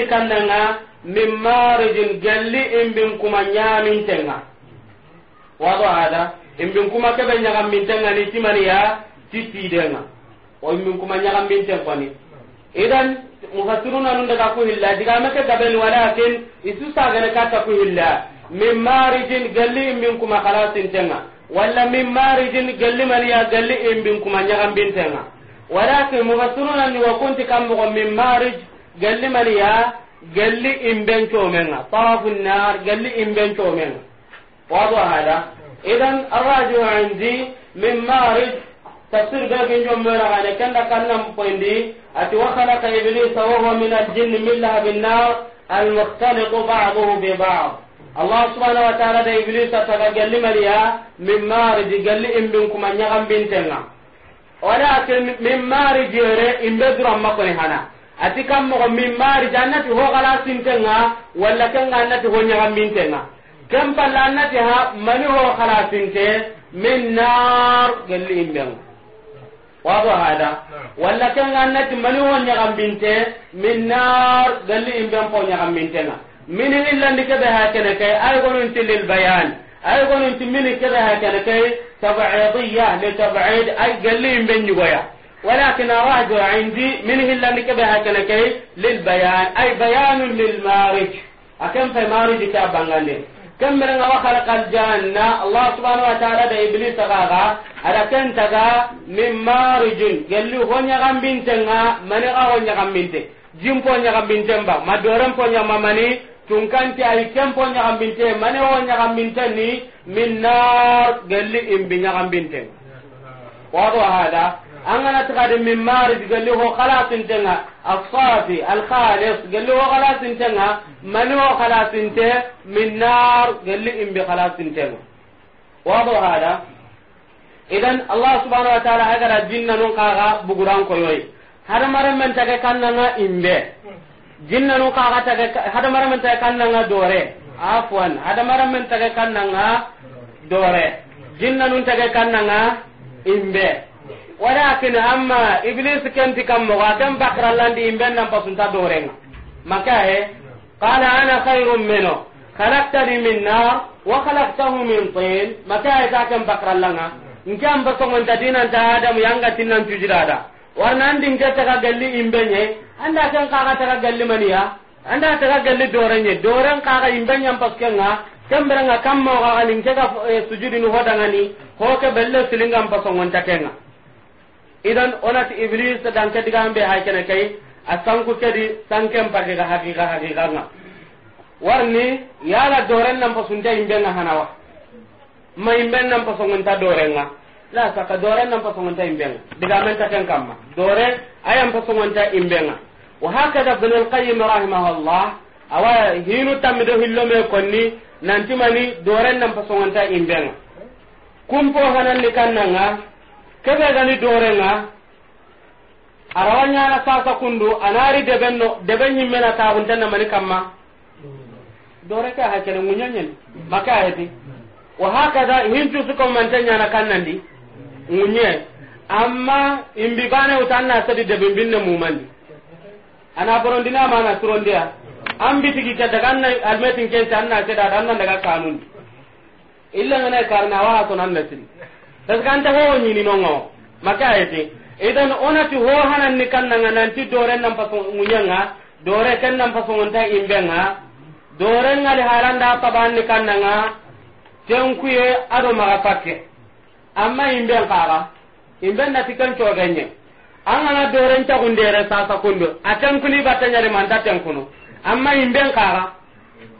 A: min marijin galli imbin kuma nyamin tenga wado hada imbin kuma kebe nyagam min tenga ni timani ya titi denga o imbin kuma nyagam min tenga ni idan mufassiruna nun daga ku hilla diga maka gaben walakin isu gane kata ku hilla min marijin in imbin kuma khalasin tenga walla min marijin galli maniya galli imbin kuma nyagam bin tenga walakin mufassiruna ni wa kunti kam min marij galli maniya gelli imben comenga tarafu nar gelli imben comenga wado hada idan arraju indi min marij tafsir be ken jomera gane kanda kannam poindi ati wa khalaqa iblis wa huwa min al-jinn min lahabin nar al-mukhtaliqu ba'dahu bi ba'd allah subhanahu wa ta'ala da iblis ta galli mariya min marij galli imbin kuma nyagam wala min marij re imbe duram makoni hana ati kam mogo min mari jannati ho gala sintenga walla kenga annati ho nyaga mintenga kam palla annati ha mani ho gala sinte min nar galli imbeng wado hada walla kenga annati mani ho nyaga te min nar galli imbeng po nyaga mintenga min illandi kebe ha kene kay ay gonun tilil bayan ay gonun timini kebe ha kene kay tab'idiyya li tab'id ay galli imben nyugoya ولكن أراد عندي من هلا اللي كبه هكذا كي للبيان أي بيان للمارج أكم في مارج كابان كم من وخلق الجنة الله سبحانه وتعالى ده إبليس غاغا أدا كن تغا من مارج قال له هون يغم بنتنا من غون يغم بنتك جيم بون يغم بنتنا ما دورم بون يغم مني tunkanti ay kempo ñagambinte mane wo ñagambinte ni min nar gelli imbi ñagambinte wato hada angana tagade min marij galli ho khalasintenga asafi alkhalis galli ho khalasintenga mani ho khalasinte min nar galli imbi khalasintenga wado hada idan allah subhanahu wa ta'ala agara jinna nun kaga buguran koyoy har mare men kanna kannanga imbe jinna nun kaga tage har mare men kanna kannanga dore afwan har mare men kanna kannanga dore jinna nun kanna kannanga imbe wala walakin hamma iblis kenti kammo wa kan bakra landi imben nan pasunta dorenga maka he qala ana khairum minhu khalaqtani min nar wa khalaqtahu min tin maka he ta kan bakra langa ngam ba songon tadinan ta adam yanga tinan tujirada warna andin ke eh, ta galli imbenye anda kan ka ta galli mani ya anda ta galli dorenye doren ka ka imbenye paskenga kambera nga kammo ka lin ke ka sujudinu hodangani ho ke belle silingam pasongon kenga. idan onati iblis danke diga digambe ha kene kay a sanku kedi sanken pake ga ga hakika hakika nga warni yala doren nan pasunta imbe nga hanawa ma imbe nan pasongunta doren nga la saka doren nan pasongunta imbe nga digamen ta ken kamma dore ayam pasongunta imbe nga wa hakada ibn al-qayyim rahimahullah awa hinu tamido hillo me konni nanti mani doren nan pasongunta imbe nga kumpo hanan likannanga kebe gani dorenga arawanyana sasa kundu anari debenno deben yimmena taxuntenna mani kama dore ke hakene ŋuñañen maka heti wa hakada hincusukomante ñana kannandi ŋuñe amma imbi bane wuta anna sadi debin binne mumandi ana borondina ma suron surondiya an bitigi ke daga anna almetin kenta anna seda nan daga kanundi illa ngana karna wa to nan nasiri parce que anta ho nyini nongo maka ayati idan onati ho hanan ni kannanga nanti dore nan pa munyanga dore ken nan pa songonta imbenga dore nga ngali haranda taban ni kannanga tenkuye ado maga pakke amma imben kaga imben nati kan cogenye angana doren cagundere sasa kundo atenkuni battanyari manta tenkunu amma imben kaga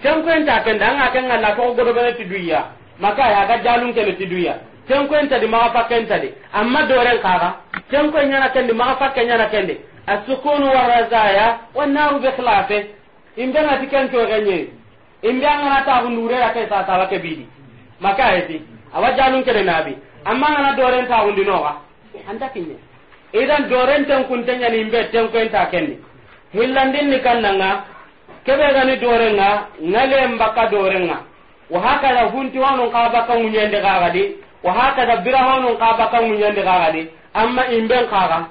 A: tenkuen ta kenda anga kenga la ko godo bene tiduya maka ya ga jalun ti duya. ken ko entadi maga fakke entadi amma doren kaga ken ko nyana kendi maga fakke nyana kendi asukunu warazaya wannaru bi khilafe imbe ngati ken to ganye imbe ngana ta hundure ya kai sa ta ke bidi maka ayati awajanun kede nabi amma ngana doren ta hundino ga anda kinye idan doren tan kun tanya ni imbe tan ko enta kendi hillandin ni kannanga kebe gani dorenga ngale mbaka nga wa hakala hunti wanu ka baka munyende ka di wa hakada birahonu ka baka munyandi kagadi amma in imben kaga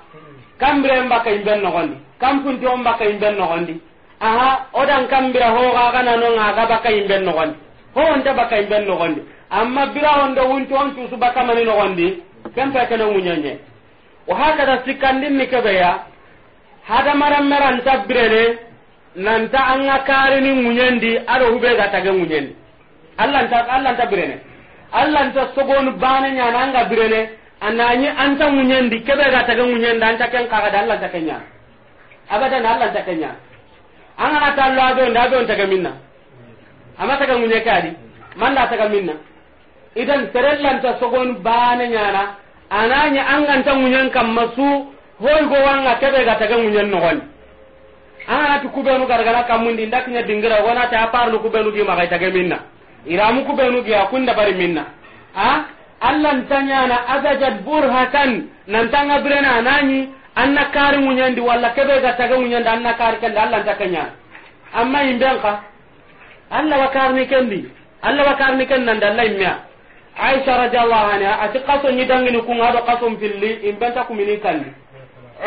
A: kambire mbaka imben nogondi kampunti on baka imben nogondi aha odan kambira ho kaga nano ngaga baka imben nogondi ho onta baka imben nogondi amma birahonde wunti on cusu baka mani nogondi kempe kene munyanye wa hakada din ni kebeya hada maran meran tabbirene nanta anga karini munyandi ado hube ga tage munyandi allah ta allah tabbirene allah nta sogonu bane ñana anga birene anañi anta ŋuñendi keɓe ga tage ŋuñendi anta ken kaxada allah ta ke ñana abadan allah nta ke ñana angana tallo abeonde abeon tage minna ama tage ŋuñe ke adi ta tage minna idan ta na sogonu an ñana ta anganta ŋuñen kamma su hoygo wanga keɓe ga ku ŋuñen nogoni angana ti mun gargana kammundi ndakiña dingira wonati a parnu kuɓenu di maxay tage minna iramu ku benu giya kun da bari minna a allan na azajat burhatan nan tanga birena nani anna kari munyandi wala kebe ga taga munyandi anna kari kende allan takanya amma imben ka allah wa karni kendi allah wa karni kendi nan dalla imya aisha radiyallahu anha ati qaso ni dangini kunga do qaso filli imben ta kumini kandi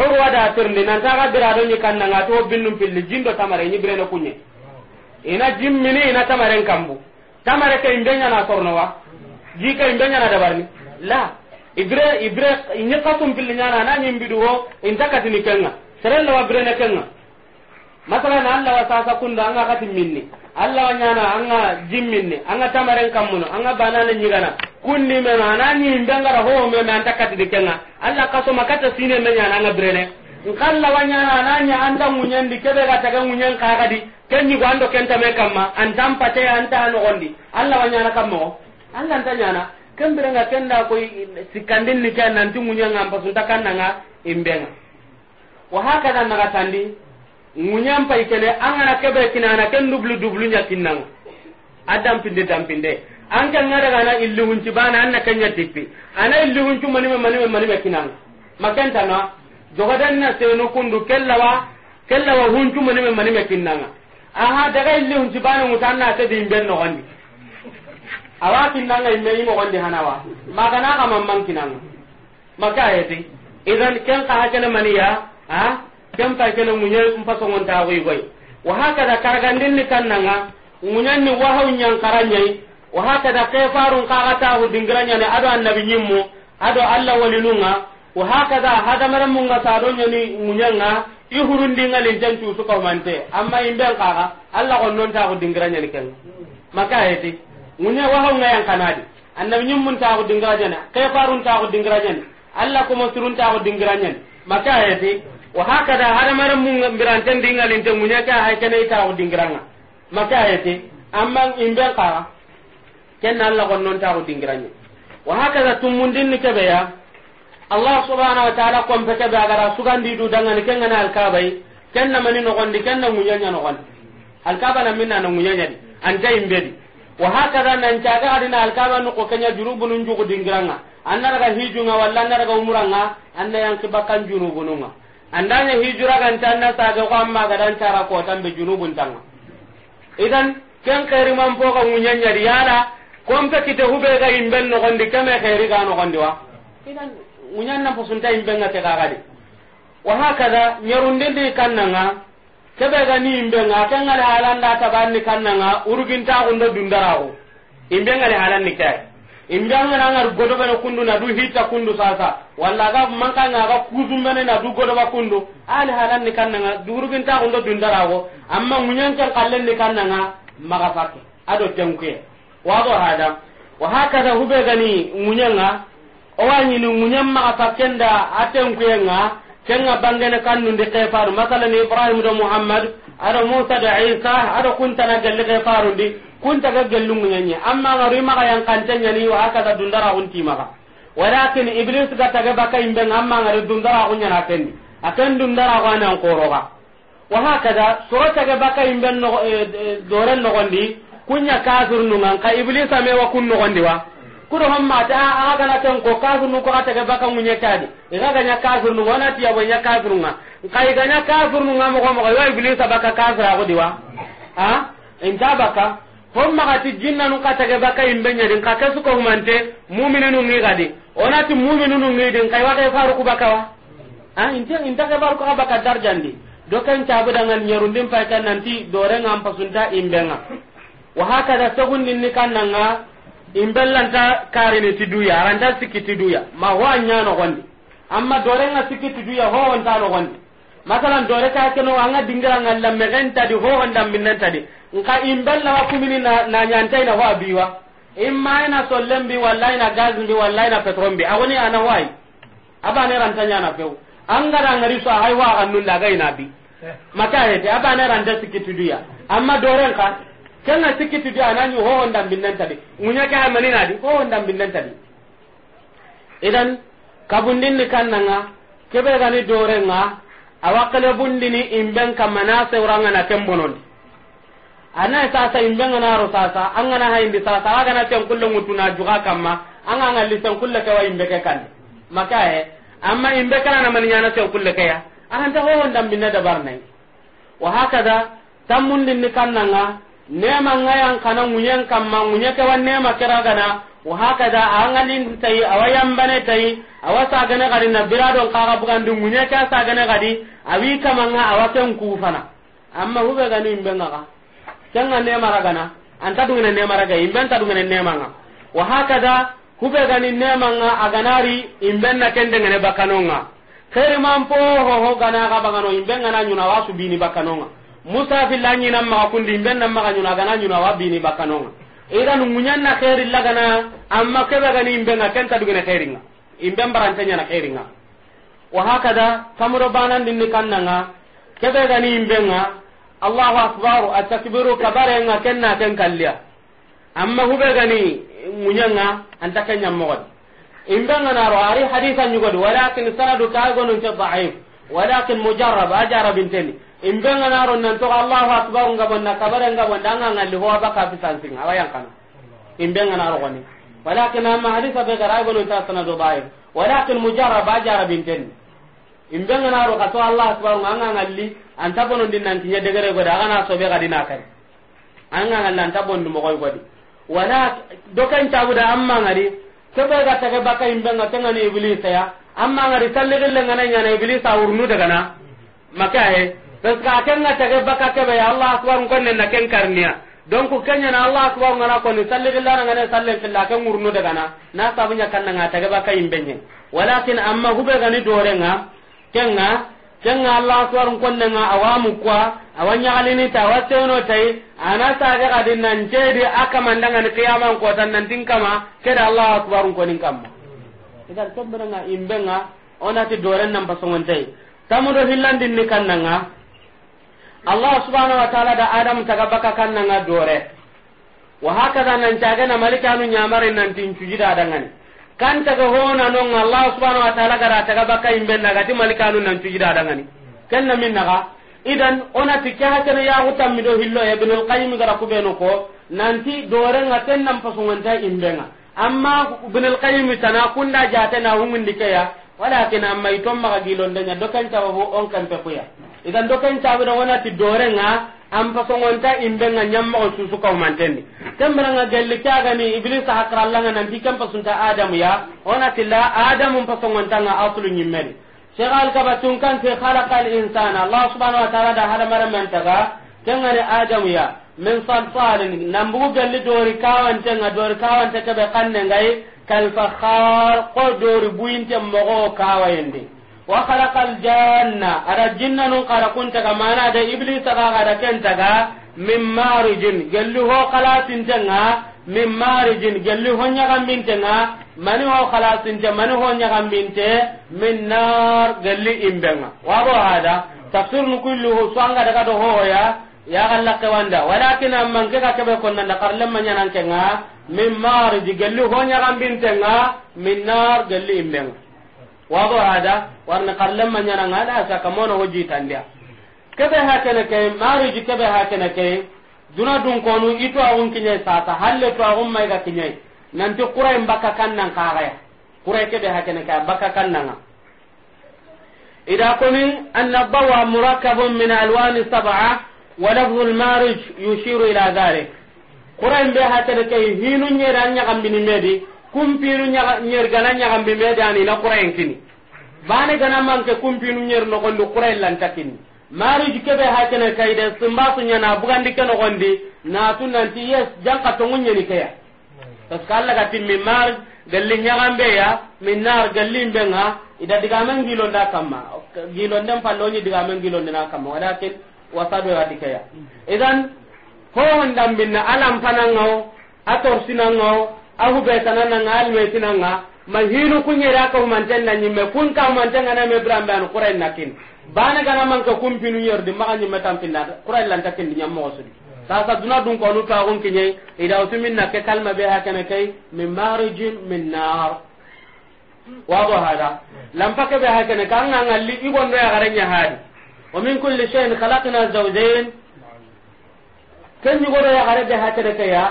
A: urwa da turni nan taga birado ni kannanga to binnum filli jindo tamare ni birena kunye ina jimmini ina tamare kambu tamare ke imbe nyana korno wa jika imbe nyana dabarni la ibre ibre inye kasum pilli nyana na nyimbidu ho intakati ni kenga serella wa brene kenga masalan allah wa sasa kunda anga kati minni allah wa nyana anga jimminni anga tamaren kammuno anga banana nyigana kunni mena ni imbe ngara ho me me antakati ni kenga allah kasuma kata sine me nyana anga brene nkalla wanyana nanya anda munyendi kebe ga taga munyen kagadi kenni ko ando kenta me kamma antam pate anta no gondi alla wanyana kammo alla antanyana kembere nga kenda ko sikandin ni kan nan nanti munyen ngamba sunta kannanga imbenga wa hakada naga tandi munyen pai kene angana kebe kinana ken dublu dublu nya kinnanga adam pinde dampinde an kan ngada kana illuhunci bana anna kenya tippi ana illuhunci manime manime manime kinanga makenta na na seno kundu kellawa kellawa mani me kinnanga aha daga illi hunci bane ŋuta anna tedi imben nogondi awa kinnanga imme imogondi hanawa magana ka mamman kinanga maka ayeti idan ken kaha kene maniya a ken fa kene ŋuñe mpa sogontaxuigoy wahakada ni kannanga ŋuñanni wahaw ñankaranyai wahakada kefarun dingranya ne ado annabi ñimmu ado allah walinunga wa hakada hada mara munga sado nyani munyanga i hurundi ngali jantu su ka mante amma imbe kaga Allah ko non ta ko dingira nyani ken maka yeti munya wa hawnga yang kanadi annabi mun ta ko dingira jana kay farun ta ko dingira jana Allah ko masrun ta ko dingira nyani maka yeti wa hakada hada mara munga biranten dingali te munya ka ta ko amma Allah ko ta ko kebe ya allah subhanahu wa ta'ala kon peke be agara sugandi du dangani kenga na alkabai kenna mani no gondi kenna munyanya no gondi alkaba na minna na munyanya di anta imbedi wa hakada nan caga adina alkaba no ko kenya jurubun njugo dingranga annara ga hijunga walla annara ga umuranga anna yang kibakan junubununga andanya hijura kan tanna saga ko amma ga dan tara ko tambe junubun tanga idan ken khairi man po ga munyanya di yala kompe kite hube ga imben no gondi kame khairi ga no gondi wa idan munyanna fasunta imbenga ke kagadi wa hakada nyarundendi kannanga kebe ga ni imbenga kenga le halanda tabanni kannanga uruginta gundo dundarago imbenga le halanni kay imbenga na ngar godo bana kundu na du hita kundu sasa walla ga manka nga ga kuzumbene na du godo ba kundu al halanni kannanga duruginta gundo ko amma munyanka kallenni kannanga maga fakke ado tenkuye wado hada wa hakada hubegani munyanga owa ñini ŋuñen maxasa kenda a tenkuyenga kenga bangene kannundi kefaru masalan ibrahim do muhammad aɗo musa do isa aɗo kuntana gelli kefarundi kuntaga gelli ŋuñenye amma garu imaxa yankanteñani wa hakada dundaraxuntimaxa walakin iblis ga tage baka imbenga amma gari dundaraxuñana kendi a ken dundaraxu anan koroxa wa hakada soro tage baka imben eh, eh, doren noxondi kunya kafir nungan ka iblisa wa kun noxondi wa kuro hamma ta aga gana tan ko kafir nu ko ata ga baka munya tadi iga ganya kafir nu wana tiya wanya kafir nu kai ganya kafir nu ngamo ko mo wa iblis baka kafir ago diwa ha inta baka homma gati jinna nu kata ga baka imbe nya din kaka su ko mante mu'minu nu ngi gadi onati mu'minu nu ngi din kai wa kai faru ku baka wa ha inta inta ga faru ko baka darjandi dokan tabu dangan nyarundin pa kan nanti dore ngam pasunta imbenga wa hakada sagun ninni kannanga in bellanta karini ti duya aranta siki ti duya ma ho a nya nogondi amma dore dorenga siki ti duya ho wonta nogondi masalan dore ka keno anga dingira ngalla megenta di ho wonda minnenta di nka in bella wa kumini na na nyanta ina ho abiwa imma ina sollembi wallahi na gazmbi wallahi na petrombi awoni ana wai abane ranta nya na feu angara ngari so hay wa annun daga ina bi te eh. hete abane ranta siki ti duya amma dore dorenka kenga sikiti di anani ho ho ndam binnan tadi munya ka amani na di ho ndam binnan tadi idan kabundin ni kannanga kebe gani dore nga awakale bundini imben kamana se uranga na tembonondi ana sasa imben na ro sasa angana haindi sasa aga na tem kullu mutuna juga kamma anga ngalli tem kullu ka wa imbe kan maka he amma imbe kana na mani nyana tem kullu ka ya anta ho ho ndam binna da barnai wa hakada tamundin ni kannanga nema ngayan kana munyen ma munye ke wan nema gana wa haka hakada angalin tai awayam bane tai awasa gane gari na biradon kaka bugan dum munye ka sa gane gari awi kamanga awaten kufana amma hube gani imbenga ka kenga nema ragana anta dungene nema raga imbenta dungene nema nga wa haka da hube gani nema nga aganari na kende ngene bakanonga khairi man po ho ho gana ga bagano imbenga na nyuna wasu bini bakanonga musa musafilla ñinan maxa kundi imben nan maxa ñuna gana ñuna wa bini bakkanonga idan muñanna xeeri lagana amma keɓe gani imbenga kenta dugene xeeringa imben barante ñana xeeringa wa hakada tamuro banandinni kannanga keɓe gani imbenga allahu akbaru atakbiru kabarenga kenna ken kalliya amma huɓe gani muñanga anta kenñammoxodi imbenga naro ari hadisa ñugodi walakin sanadu ka gonunte daif walakin mujarab a jarabinteni in benga na ron nan to Allahu akbar nga bonna kabare nga bonna nga ngalli ho ka fi tanting awa yang kana in benga na ron walakin amma hadisa be garai go ta sana do baye walakin mujara ba jara binten in benga na ro ka to Allahu akbar nga nga ngalli anta bonon din nan tinya degere go da kana so be ga dina kare an nga ngallan ta bondu mo koy godi wala dokan ta guda amma ngari kebe ga ta ga baka in benga tanga ni iblis ya amma ngari talle gelle ngana nyana iblis awurnu daga na maka he parce que akenga baka kebe ya allah akbar ko na ken karniya donc kenya na allah akbar ngana ko ni salli billah na ngane salli gilla ken ngurno daga na na sabunya kan nga tege baka imbenye walakin amma hube gani dore nga kenga kenga allah akbar ko nga awamu kwa awanya alini tawaseno tai ana sage kadin nan jedi akamandanga ni kiyaman ko tan nan tinkama keda allah akbar ko nin kamma idan nga imbenga onati doren nan basongontai tamudo hillandin ni nga allah subhanahu wa ta'ala da adam taga baka kannanga dore wa hakada nan cagana malikanu ñamare da cujida dangani kan taga hona non allah subhanahu wa ta'ala gara taga baka imbe malika malikanu nan cujida kan kenna min naga idan onati ke hakene yaxutamido hillo ibnul qayyim gara kubenu ko nanti dorenga ken nan pasunganta imbenga amma ibnul qayyim tana kunda dikaya wala walakin amma itommaga gilondenya do kan tawahu on kan ya. idan do ken tabe do wona ti nga am pa so ngonta imbe nga nyamma ko susu ko mantendi kambara nga gelle kaga ni iblis hakra allah nga nanti kam pa sunta adam ya ona ti la adam pa so ngonta nga aslu sheikh al kan fi khalaqa al insana allah subhanahu wa ta'ala da hada mara man taga kengani adam ya min salsalin nambugu gelli dori kawante nga dori kawante be kanne ngai kalfa khar ko dori buinte mogo kawayendi wa khalaqal janna ada jinna nun qara kunta ga mana da iblis ga ada kenta ga min marijin gelli ho khalasin tanga min marijin gelli ho nyagam na mani ho khalasin te mani ho nyagam binte min nar gelli imbenga wa bo hada tafsir nu kulluhu swanga daga do hoya ya galla ke wanda walakin amman ke ka be konna da karlem manyanan kenga min marij gelli ho nyagam bintenga min nar gelli imbenga wago ada warna manyana ngada asa kamono hoji tandia kebe hakene ke ji kebe hakene ke duna dun konu itu awun kinyai sasa halle to awun mai ga kinyai nanti kurai mbaka kannan kagaya kurai kebe hakene kee baka kannan ida kuni anna bawa murakkabun min alwan sab'a wa lafdhu almarij yushiru ila dhalik kurai mbe hakene ke hinu nyera nya kambini medi kumpinu nyer gana nyagam nyagambi medani na kurayen kini bane gana manke kumpinu nyer nogondi kurayen lanta kini mariji kebe hakene kayde simbatu nyana bugandi ke na natu nanti yes janka tongu nyeni keya parce que allah gati min marij galli be ya min nar galli mbenga ida digamen gilonda kamma gilonden pallonyi digamen gilondena kamma walakin wasabira dikeya idan ho hondambinna alam panangao a torsinangao ahu na nga almetina nga mahinu kunyera ka humanten na nyimme kun ka humanten na me brambe an qur'an nakin bana gana man ka kun pinu yerdi maka nyimme tampinda qur'an lan takin nyammo osudi sasa duna dun ko nu ta gon kinye ida utumin na ke kalma be hakana kai min marijin min nar wado hada lampa ke be hakana kan nga ngalli igon do ya garanya hadi wa min kulli shay'in khalaqna zawjayn kan yugo do ya garade hakana ya.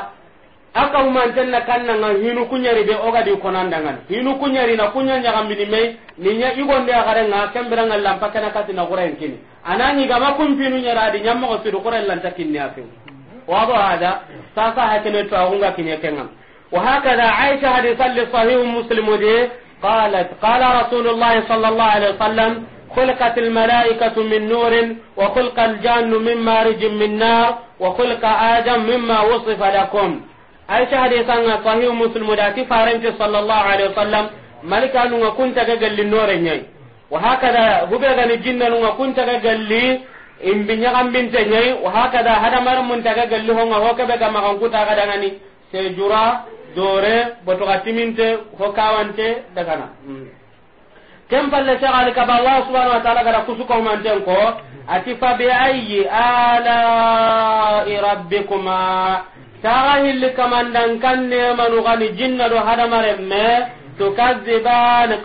A: aka kanna kannanga hinu kunyari be ogadi konandangan hinu kunyari na kunya ñagambini mai ninya igonde akarenga kembiranga lampa kena katina kuren kini anani gama kumpinu ñaradi ñammogo sidu kuren lanta kinni afew wado hada sasa hakene twagunga kinye kenga وهكذا عائشة حديث صحيح مسلم قالت قال رسول الله صلى الله عليه وسلم خلقت الملائكة من نور وخلق الجن من مارج من نار وخلق آدم مما وصف لكم aisha hadisanga sahihu muslim da ti farante sallallahu alaihi wasallam malika nu kunta ga galli nore nyai wa hakada ga ni jinna nu kunta ga galli in imbi nyakam binte nyai wa hakada hada mar mun ta ga galli ho ka be ga makan kuta ga dangani jura dore boto botoka timinte daga na mm. kem palle sha shagal ka ba allah subhanahu wa ta'ala ga ku su ko man ko atifa bi ayyi ala rabbikuma taga hilli kamandan kan nemanu gani jinna do hadamaremme to kazzibani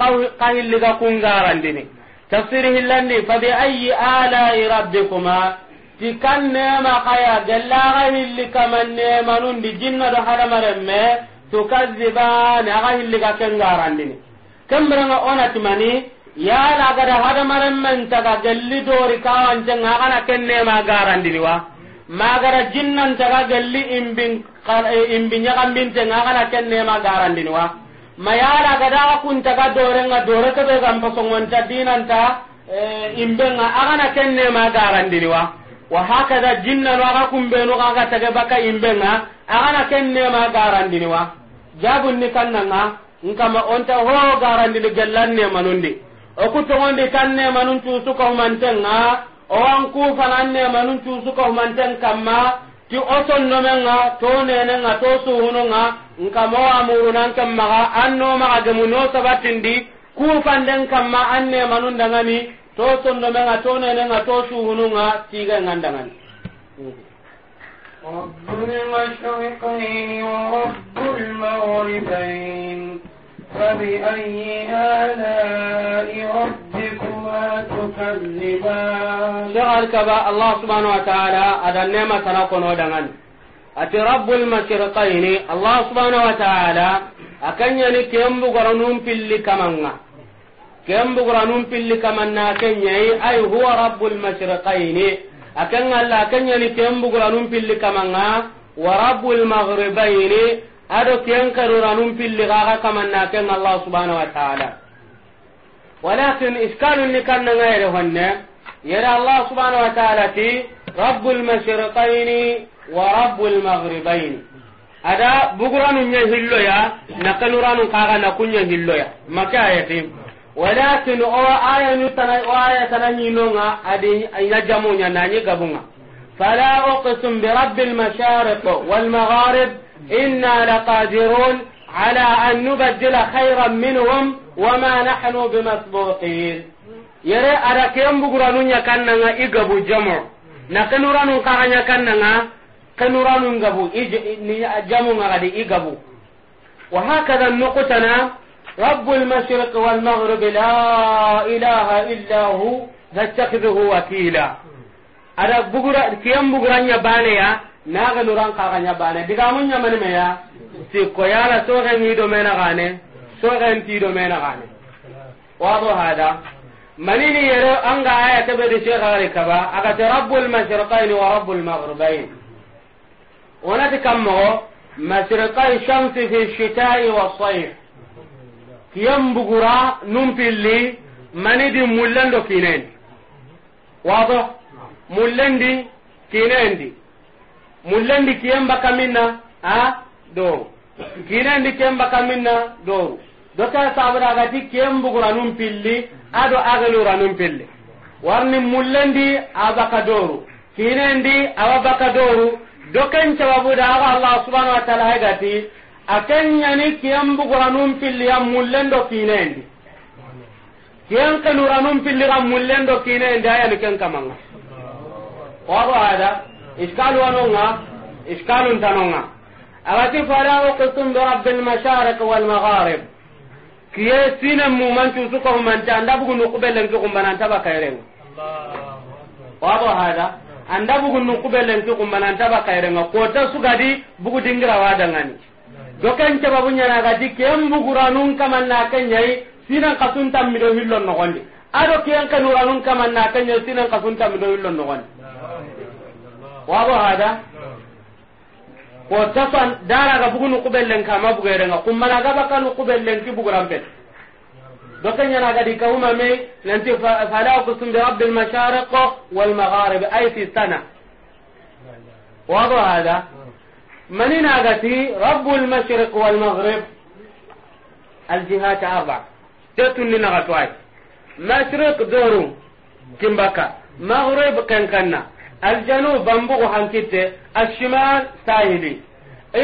A: ka hilli ga kungarandini tafsiri hillandi fabi ayi alai rabbikuma ti kan nema kaya gellaga hilli kaman nemanundi jinna do hadamaremme to kazzibani aga hilli ga kengarandini kemberenga onatimani yala hadamaren hadamaremmen taga gelli dori kawancenga agana ken nema garandini wa magara jinnan taga galli imbin eh, imbin nyaga mbinte ngana kenne ma garandini wa mayala gada kun taga dore nga dore to be gam pasongon ta dinan ta eh, imbe nga agana kenne ma garandini wa wa hakada jinnan wa kun be no ga taga baka imbe nga agana kenne ma garandini wa jabun ni kannanga nkama onta ho garandini gellanne manundi okutongondi kanne manun tu su ko mantenga owan ku fanan ne manun cusu ko manten kamma ti oson no menga to ne nga to su suhunu nga nka mo amurunan kamma anno ma ga muno sabatindi kufan fanden kamma anne manun dangani to son no menga to nene nga to suhunu nga tiga ngandangani رب المشرقين ورب المغربين فبأي آلاء ربكما تكذبان شغل كبا الله سبحانه وتعالى هذا النعمة سنقون ودغن أتي رب المشرقين الله سبحانه وتعالى أكن يعني كم بغرنون في اللي كمانا كم بغرنون في اللي كمانا كن أي هو رب المشرقين أكن الله أكن يعني كم بغرنون في اللي كمانا ورب المغربين ado ken karuranum pilli kaga kamanna ken allah subhanahu wa ta'ala walakin iskalun ni kannanga yere honne yere allah subhanahu wa ta'ala ti rabbul mashriqaini wa rabbul maghribaini ada buguranu nya hillo ya na kanuranu kaga na kunya hillo ya maka ayati walakin o aya nyu tana o aya tana nyinonga adi ina jamunya nanyi gabunga fala uqsim bi rabbil mashariq wal magharib inna laqadirun ala an nubaddila khayran minhum wama nahnu bimasbuqin yere ada ken ñakannanga i gabu jamo na kenuranu kaxa ñakannanga kenuranu gabu jamunga i gabu wa hakada nuqutana رب المشرق والمغرب لا إله إلا هو فاتخذه وكيلا ada bugura kiyam buguranya naga nuran kaga bane diga mun nyamani me ya ti ko yala to ga ni do mena gane so ga ti do mena gane wa do hada manini yero anga aya ta be de sheikh ali kaba aga ta rabbul mashriqain wa rabbul maghribain wana ta kammo mashriqai shamsi fi shita'i wa sayf kiyam bugura numpilli manidi mullando kinen wa do mullandi kinendi mullendi kiyemba kaminna a do kinendi kiyemba kaminna do do ta sabra gati kiyembugura num pilli ado agalura num pilli warni mullendi abaka doru kinendi awabaka doru do ken cababuda aga allah subhanau wa taala hegati akenyani kiyembugura num pilli ya mullendo kinendi ken kenura num pilli ga mullendo kinendi ayani ken kamanga waro ada. iskalu wanonga iskalu tanonga awati fala uqtum bi rabbil masharik wal magharib kiye sinem mu man tu suka man ta anda bugu nukubelen ki kumbanan ta bakairenga wa ba hada anda bugu nukubelen ki kumbanan taba bakairenga ko ta sugadi bugu dingira wadangani dokan ta babunya na gadi kem bugu ranun kamanna kanyai sinan kasun tammido hillon nogondi ado kiyan kanuranun kamanna kanyai sinan kasun tammido hillon nogondi wabo hada ko tasan dara bugunu bugun ku bellen ka ma bugere nga kum mala ga bakan ku bellen ki buguran pet do kanya na ga di ka huma me nanti fa fala qusum bi rabbil mashariq wal magharib ay fi sana wado hada manina ga ti rabbul mashriq wal maghrib al jihat arba tatun ni na ga twai mashriq doru kimbaka maghrib kankanna aljanu bambugu hankitte ashimal sahili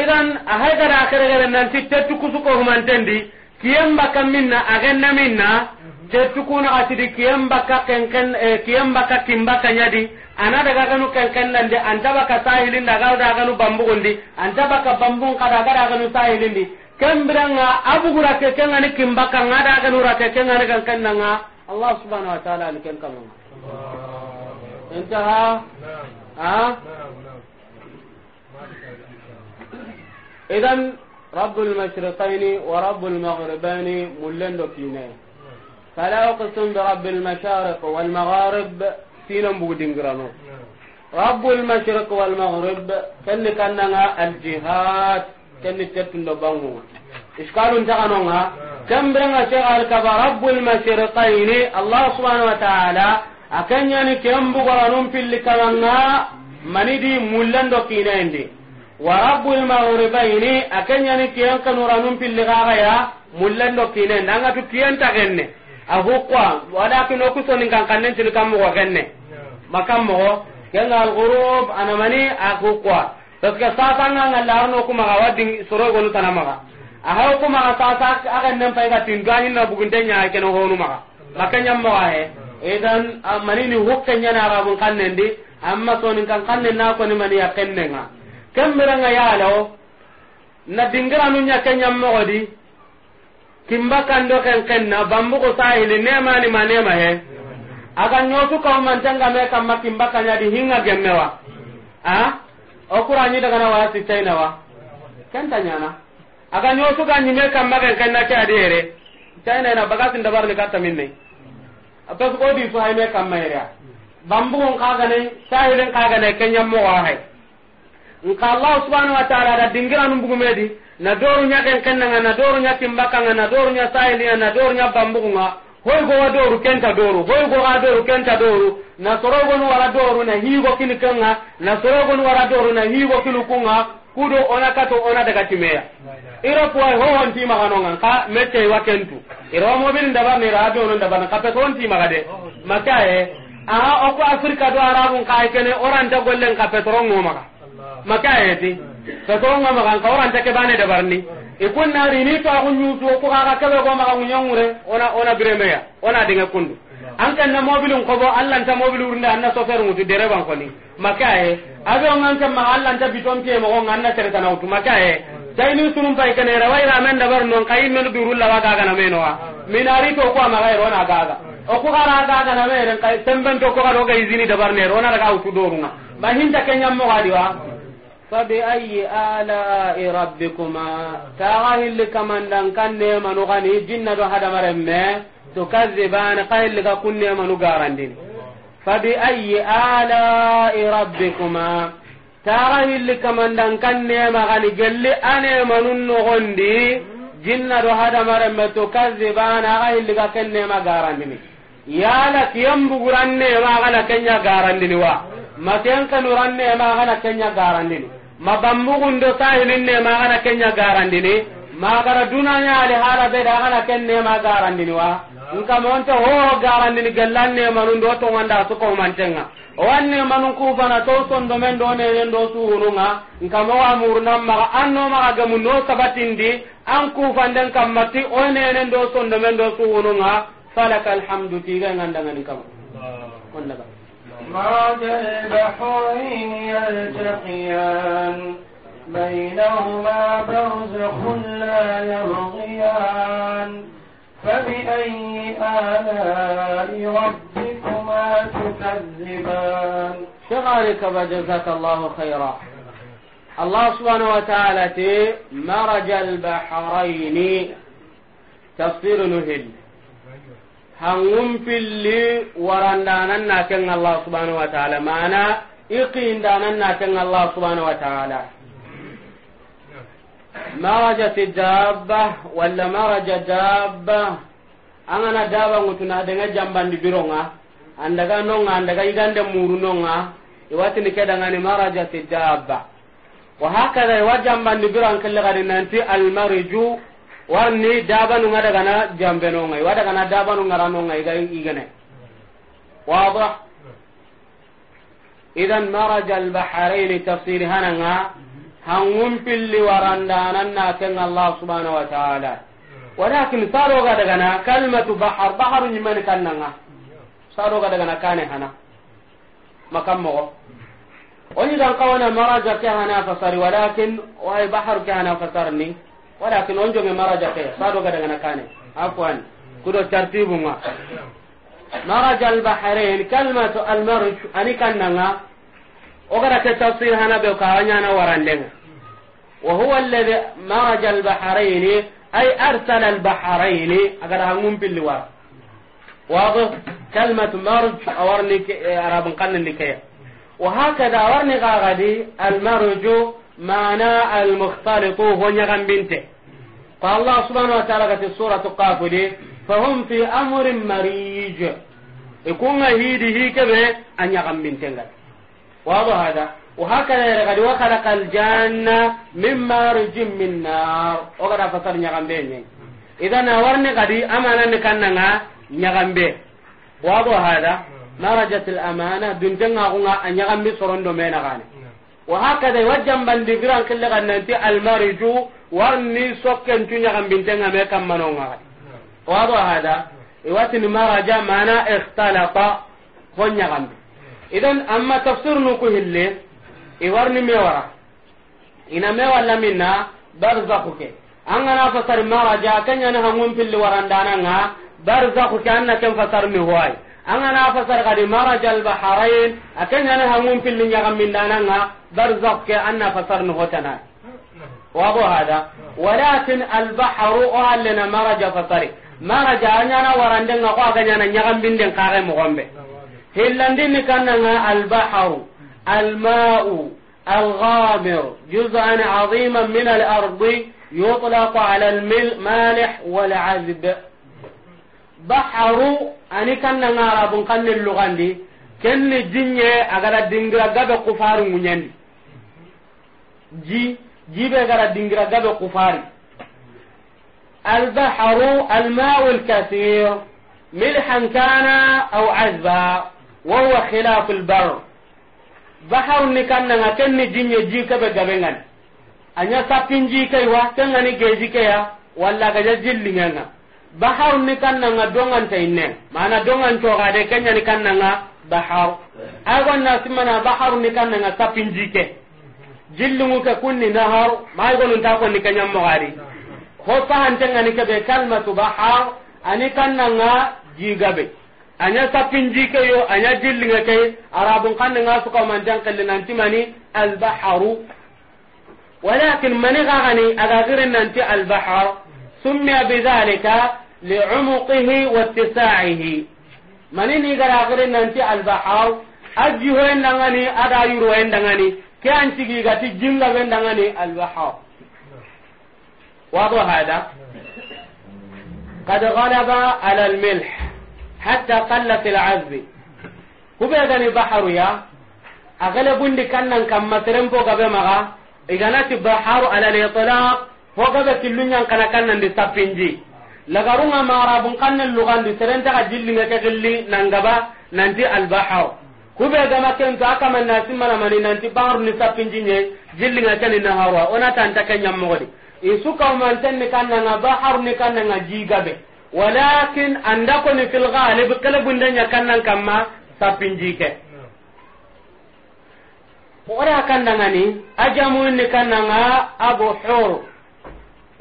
A: idan ahagara akere nanti tettu kusuko humantendi kiyem baka minna agenna minna tettu kuna atidi kiyem baka kenken kiyem baka kimbaka nyadi ana daga ganu kenken nande anta baka sahili daga daga nu bambugundi anta baka bambung kada daga daga nu sahilindi kembiranga abugura kekenga ni kimbaka ngada ganu ra kekenga ni kenken nanga allah subhanahu wa ta'ala ni kenkamu انتهى ها اذا رب المشرقين ورب المغربين ملن كينا فلا اقسم برب المشارق والمغارب سينم بودينغرانو رب المشرق والمغرب كن كان الجهات كن تتن بانغو اشكال تغنوها كم بنا شغال كبا رب المشرقين الله سبحانه وتعالى akanyani kembugoranum pilli kalanga manidi mullando kinaindi wa rabbul maghribaini akanyani kiyan kanuranum pilli gagaya mullando kinaindi anga tu kiyan tagenne ahukwa walakin okusoni kankannen tili kammogo kenne makammogo kenga alghurub anamani ahukwa parce que sasa nga ngalla arno kuma ga wadin soro gonu tanamaga aha kuma ga sasa aga nan fay ga tindani na bugunde nya keno honu maga makanya mawa he idan ah, manini hukkenya na arabun kannendi amma sonin kan kanne na ko ni mani yakennenga kemmiranga yalo na dingiranu nyakenyam mogodi kimba kando ken kenna bambu ko sahili mane ma he aga nyotu man tanga me kamma kimba kanya di hinga gemmewa a okura nyi daga na wasi taina wa kenta nyana aga nyotu ga nyime ma ken kenna ke adere taina na bagasin dabar ni katta minne bas ko di suhay me kam mayra bambugon kagane sahilen ne kenya mo in nka allah subhanahu wa ta'ala da dingira num bugu medi na doru nya ken kenna na doru nya timbaka na doru nya ni na doru nya ma hoy go wa doru kenta doru hoy go wa doru kenta doru na sorogon wara doru na go kin kenga na sorogon wara doru na higo kini nga. kudo ona kato ona daga timeya iro ko ho hon ti ma hanon ka mete wa kentu iro mo bin da ba ni rabi onon da ba ka pe ti ma gade maka e aha o ko afrika do arabun ka kene oran ta gollen ka pe toron mo maka maka e ti ka toron mo maka ka oran ta ke bane da barni e kun na ri ni to ko nyu to ko ka ka ke go maka ngunyure ona ona biremeya ona dinga kundu an kan na mobilin ko bo Allah ta mobilu urunda anna sofer mutu dere ban ko ni makaye e on an kan ma Allah ta biton ke mo ngan na tere tan autu makaye e dayni sunum pai kana rawai ra men da bar non kayin men durul la waga ga na meno wa minari to ko ma ga rona na ga ga o ko gara ga ga na men kai temben to ko ga ro ga izini da bar ne ro na ga autu dorunga ba hinda kenya mo ga diwa فبأي آلاء ربكما تاغاهل كمن دان كان نيما نغني جنة هذا مرمي tukazziban qaylga kunne manu garandini fabi ayi ala'i rabbikuma taga hilli kamandan kan nemagani gelli anemanun nogondi jinna do hadamaremme tukazziban aga hilliga ken nema yaala yala kiyambuguran nema agana kenya garandini wa maten kanuran nema agana kenya garandini mabambugundo sahilin nema agana kenya garandini magara dunanya ali hala be da agana ken nema garandini wa Ah. nkama onte ho oh, garandini gellan nemanu ndo nga. o owan nemanu kufana to sondomen do nenen do su nga. nka nkama wamurunan maga anno maga gemu no sabatindi an kufanden kammati o nenen do sondomen do su suhununga falaka alhamdu tigangandangani e kama onnaga
B: مرج البحرين
A: يلتقيان بينهما برزخ لا يبغيان فبأي آلاء ربكما تكذبان شغالك جزاك الله خيرا الله سبحانه وتعالى مرج البحرين تفسير نهل هنوم في اللي ورندانا كن الله سبحانه وتعالى معنا يقين دانا كن الله سبحانه وتعالى marajat dabba walla maraja dabba angana daba ngutuna denga jambandi bironga andaga nonga andaga igande muru nonga iwatini kedangani marajat dabba wa hakada iwa jambandi biran kelle gadi nanti almariju warni dabanu nga daga na jambe nonga wa daga na dabanu nga ranonga iga igane wadah idan maraja albahrain tafsir hananga hangum pilli waranda warandanan na ken allah subhanahu wa ta'ala walakin saro ga daga na kalmatu bahar baharu ni man kannanga saro ga daga na kane hana makam mo oni dan kawana maraja ke hana fasari walakin wai bahar ke hana ni walakin onjo me maraja ke saro ga daga na kane afwan kudo tartibu ma maraja al bahrain kalmatu al marj ani kannanga وقد تفسير هنا بكاوانيا نورا وهو الذي مرج البحرين أي أرسل البحرين أقول لها مم باللوار واضح كلمة مرج أورني عرب قلن لكي وهكذا أورني غاغدي المرج معنى المختلط هو نغم بنته فالله سبحانه وتعالى في السورة القافلة فهم في أمر مريج يكون هيدي هيكبه أن يغم بنته waa bohaada waxaa kaseera kati waxa dhakkal jaana min jiminaar oggola fasalu nyaambee nyee is na warrni kati amaana ni kanna nga nyaambee waawohaada. mara jatila amaana dhunte nyaaku nga a nyaamni bi soraan dhomee nagaani waxaa kasee iwa jambani di grand kila kananti almaari juu warrni sokkeen tu nyaamni bi nga mee kama idan amma tafsir nu ku hille i warni me wara ina me walla minna barzakhu ke an gana fasar maraja kanya na hangun pilli warandana nga barzakhu ke anna ken fasar mi huwai an gana fasar kadi maraja al baharain akanya na hangun pilli nya kam mindana nga barzakhu ke anna fasar nu hotana wabo hada walakin al bahru allana maraja fasari maraja anya na warandanga ko aganya na nya kam binden kare mo gombe hillandinni kannanga البحر الماء الغامر جزءا عظيما من الأرض يطلق على المالح والعذب بحر أني كان نعرب كان اللغاندي كن الدنيا أجر دينغرا جاب كفار منيندي جي جي أجر دينغرا جاب كفار البحر الماء الكثير ملحا كان أو عذبا wa khilaful bar bahar ni kanna nga kenni jinye ji ka be gabengan anya sapin ji kai wa kenga ni ke ya walla ga bahar ni dongan mana dongan to ga de ni bahar agon na simana bahar ni kanna sapin ji ke jilli mu ka kunni nahar gonun ta ko ni fa ke be ani ji gabe anya sapin jike yo anya dillinga kay arabun kan nga su ko man jan kalli timani al baharu walakin mani gani aga girin nanti al bahar summiya bi zalika li umuqihi wa ittisa'ihi mani ni ga girin nanti ti al bahar aji ho endangani ada yuro endangani ke an tigi ti jinga endangani al bahar wado hada ghalaba ala al milh hatta qallat al-azbi kube gani baharu ya agale bundi kannan kam maseren po gabe maga iganati baharu ala al-itlaq ho gabe killunya kana kannan di sapinji lagarunga marabun kannan lugandi serenta ga jillinga ke gilli nangaba nanti al-baharu kube gama ken to aka man nasim mana mani nanti baharu ni sapinji nye jillinga ke ni naharwa ona tanta kenya mogodi isuka man tan ni kannan baharu ni kannan ji gabe walakin anda ko ni fil ghalib kala bunda kannan kamma sapinjike ora kandangani ajamunni kannanga abu hur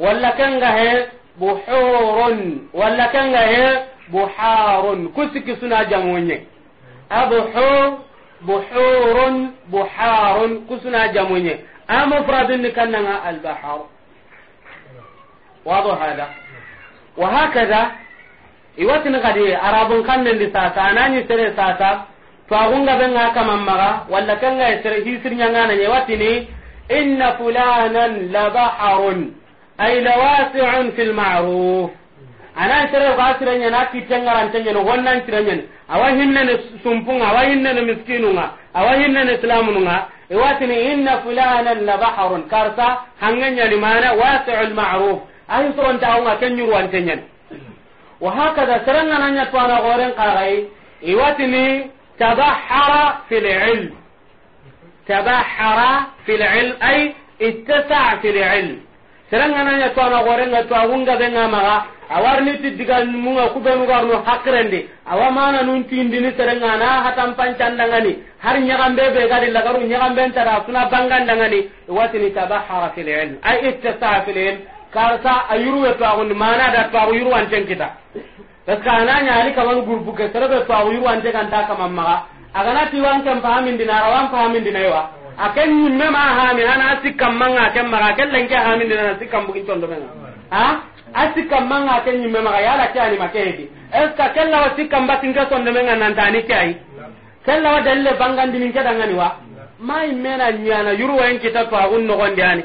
A: walla kan ga he buhurun walla kan ga he buharun kusiki suna jamu jamunye abuhur buhurun buharun kusuna jamu amu fradin ni kannanga al albahar wado hada wa hakaza iwatin kadi arabun kannen di sasa anani sere sasa to agunga ben ga kama maga walla kanga sere hisir nyangana ne watini inna fulanan la baharun ay lawasi'un fil ma'ruf ana sere ga sere nyana ti tengaran tengene wonnan sere nyen awa hinne ne sumpunga awa hinne ne miskinunga awa hinne ne islamunga iwatini inna fulanan la baharun karsa hanganya limana wasi'ul ma'ruf an soronta ko nga ken nyuru ante nyen wa hakada seranga nanya to ana goren qarai iwatini tabahara fil ilm tabahara fil ilm ay ittasa fil ilm seranga nanya to ana goren nga to agunga benga maga awarni ti mu munga kubenu garno hakrende awa mana nun tindini serenga na hatam pancandangani har nyagambe be gadi lagaru nyagambe tara suna bangandangani iwatini tabahara fil ilm ay ittasa fil ilm karsa ya to agun mana da to agu an ten kita ka na nya ni kaman gurbu ke sarabe to agu an ten kan ta kaman maga agana ti wan kan fahimin dina rawan fahimin dina yawa akan nyimme ma ha mi ana man ga kan maga kan ke ha min dina kan bugin tondo men ha asikam manga kan ma maga yala ke ani makedi eska kella wa sikam batin ka tondo men nan tani kai kella wa dalle bangandi min dangani wa mai mena nyana yurwan kita to agun no ni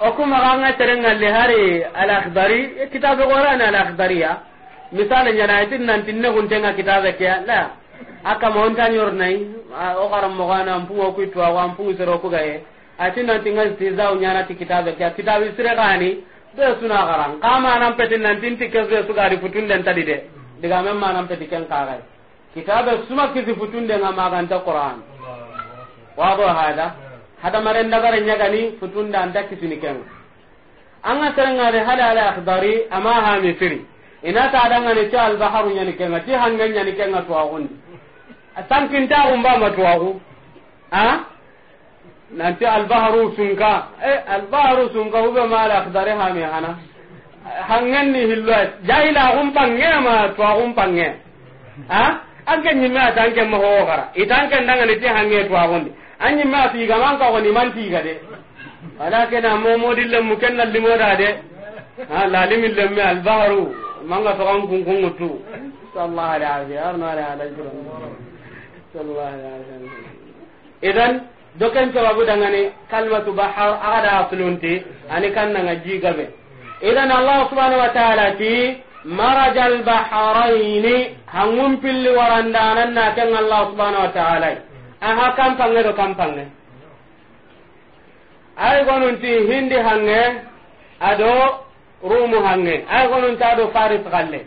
A: okuma kanga terenga le hari al akhdari eh, kitabe qur'an al akhdariya misala nyana itin nanti tinne kun tenga kitabe kya la aka mon tan yor nay o garam mo gana ampu o ku to wa ampu zero ku gaye atin nan tinga tiza nyana ti kitabe kya kitabe sire gani be suna garan kama nan petin nan tin ti kezo su gari futun den tadi de diga men manan petin ken kagai kitabe suma kizi futun den ma ganta qur'an wa hada hadamaren dagare ñagani futunda anta kisini kenga anga serengade hada ala akhbari ama hami firi inata adangani ti albaharu ñani kenga ti hange ñani kenga tuwagundi tankintaxumbama tuwagu a nanti albaharu sunka e albaharu sunka hube ma ala akhbari hami hana hangenni hillo jahilaxum pangema tuwaxum pange a anke ñimme atanke mahowo gara itanke ndangani ti hange tuwagundi anyi ma tiga man ka ni man tiga de ala kena momodil lem limo da de ha la limil lem me al bahru manga to kan kun kun tu sallallahu alaihi wa sallam arna ala jiro sallallahu alaihi wa sallam idan doken sababu dangane kalmatu bahar ada asulunti ani kan nga jigabe idan allah subhanahu wa ta'ala ti marajal baharaini hangum pilli warandanan na kan allah subhanahu wa ta'ala aha kampange do kampange ay gonunti hindi hange ado rumu hange ay gonunti ado faris galle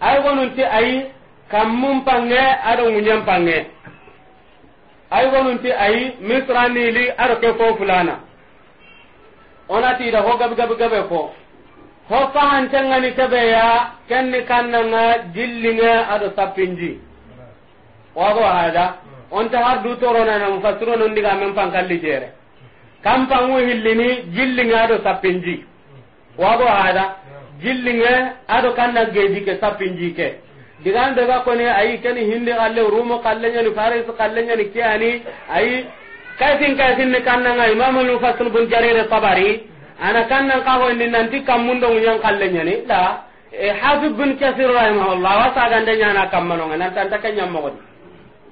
A: ay gonunti ay kammum pange ado munyam pange ay gonunti ay misranili ado ke ko fulana onati da ho gab gab gabe ko ho fa han tangani tabe ya kenni kannanga dillinga ado sappinji wago hada mm. on ta har du toronana mufassiro non ndiga men pankalli jere kam pangu hillini jillinge ado sappinji wago hada jillinge ado kanna geji ke sappinji ke digan daga koni ayi keni hindi kalle rumo kalle nyani faris kalle nyani ke ani ayi kaisin kaisin ne kanna ngai mamun mufassir bun jarere sabari ana kanna ka ho ni nanti kam mundo nyan kalle nyani da e hafiz bin kasir rahimahullah wa sa gande nyana kam manonga nan tan takanya mogodi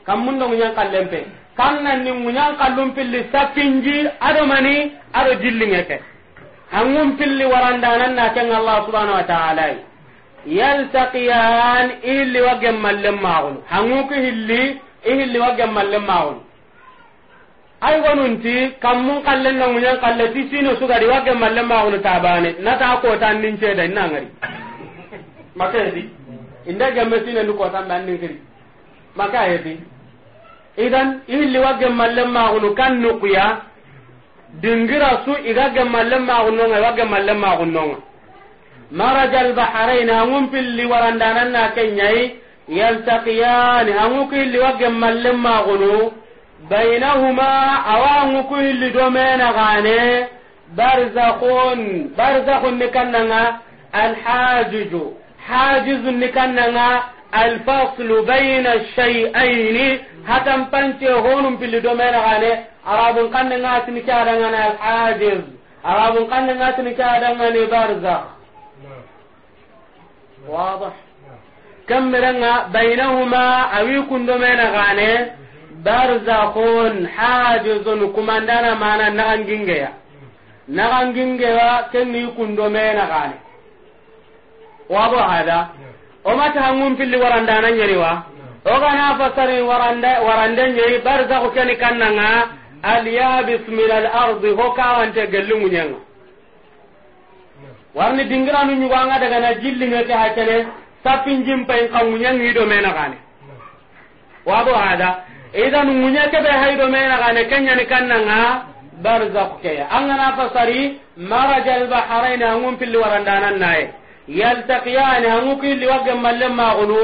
A: kam mun do nyan kallen pe kan nan ni munyan kallum pilli sakinji ado mani ado jillingeke hangum pilli nan na ken allah subhanahu wa ta'ala yaltaqiyan illi wa gemmallen magun hanguki hilli ihilli wa gemmallen magun ay gonunti mun kallen na munyan kalle ti sino sugari wa gemmallen magun tabane ta ko tan nin ce da ina
B: ngari di
A: inda gemme sino ni ko tan nan nin makai di idan ihilli wa gemmallen maxunu kan nukuya dingira su iga gemmallen maxunnonga iwa gemmallen maxunnonga maraja albaharain hangum pilli warandanan na kenyai yaltaqiyani hangu ku hilli wa gemmallen maxunu bainahuma awa hangu ku hilli domenagane barzakun barzakun ni kannanga alhajiju hajizun ni kannanga alfaslu baina shay'aini hatan pance honum pilli do mena gane arabun kanne ngatini ka adangana al ajiz arabun kanne ngatini ka adangana barza wadah kam miranga bainahuma awi kundo hajizun kumandana mana nagangingeya nagangingeya kenni kundo mena gane wadah hada yeah. o mata hangum pilli waranda nan nyeri wa o kana fasari waranda waranda nyeri barza ko kani kannanga al yabis min al ardi ho kawante gellungu nyanga warni dingiranu nyuganga daga na jilli ngete hakene sapin jimpai kangunyang do mena kane wabo hada idan munya ke be haydo mena kane kenya ni kannanga barzakh ke angana fasari marajal bahrain angum pilli warandanan nae yaltaqiyani hangu killi wagge malle magunu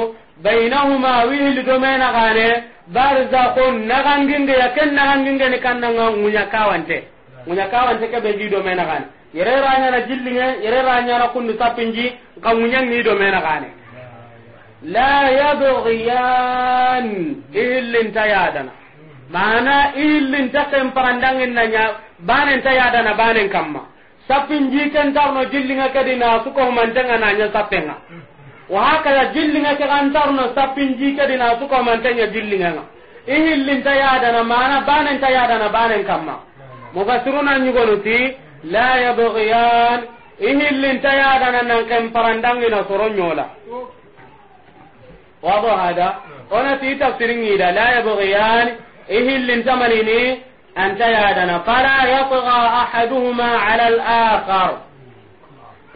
A: bainahuma wihili domena gane barzakun naganginde yaken naganginde ni kannanga ngunya kawante ngunya kawante ke beji domena gane yere ranyana jillinge yere ranyana kundu sapinji ka ngunya ni domena gane la yabghiyan ihillin tayadana mana ihillin takem parandangin nanya banen tayadana banen kamma sappin jiken tarno jillinga su na man tanga na nya sapenga wa haka ya jillinga ke kan tarno sappin su na man tanga jillinga na ihillin ta yada na mana banen ta yada na banen kamma mufassiruna goluti la yabghiyan ihillin ta yada na nan kan parandang na soronyola ba hada hmm. ona ti tafsirin ida la yabghiyan ihillin tamanini أنت يا fala فلا يطغى أحدهما على الآخر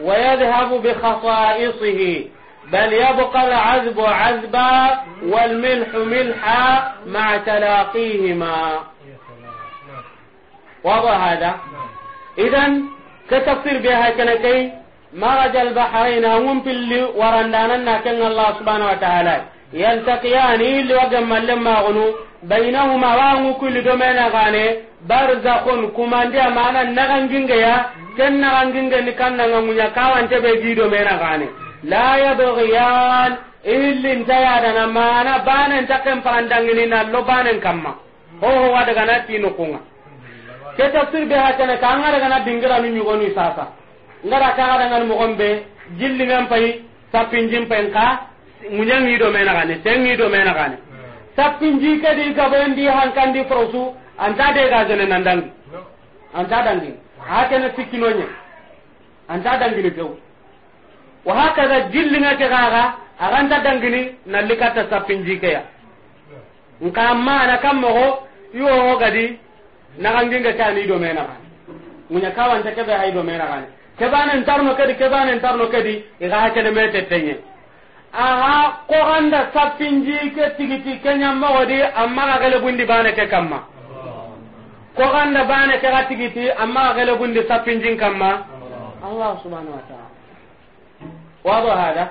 A: ويذهب بخصائصه بل يبقى العذب عذبا والملح ملحا مع تلاقيهما وضع هذا اذا كتفسير بها كنكي مرج البحرين هم في اللي ورندانا كان الله سبحانه وتعالى يلتقيان اللي وقم لما غنوا bainahuma wangu kulli do mena gane barzakhun kuma ndia mana naganginga ya ken naganginga ni kanna ngamunya kawan tebe gido mena gane la yabghiyan illi ntaya dana mana banen takem parandangini na lo banen kamma ho ho wada gana tinu kunga ke tafsir be hatana kangara gana dingira mi nyugoni sasa ngara kangara ngani mogombe jilli ngampai sapinjim ka munyangi do mena gane tengi do mena gane tappin jike di gaben di hankan di prosu ta de ga gane nan dangi anta dangi haka na an ta dangi ne kew wa haka da jillinga ke gaga aganta dangi ni nalikata tappin jike ya nka amma na kan mo yo di na ganginga ta ni do mena munya kawanta ka be hay do ke ba kebanen tarno kedi kebanen tarno kedi iga hakene me tetenye aha koganda sappinji ke tigiti keñammogodi amma ga gelegundi bane ke kamma koganda bane ke ga tigiti amma ga gelegundi sappinjin kamma allah subhanau wa taala wado hada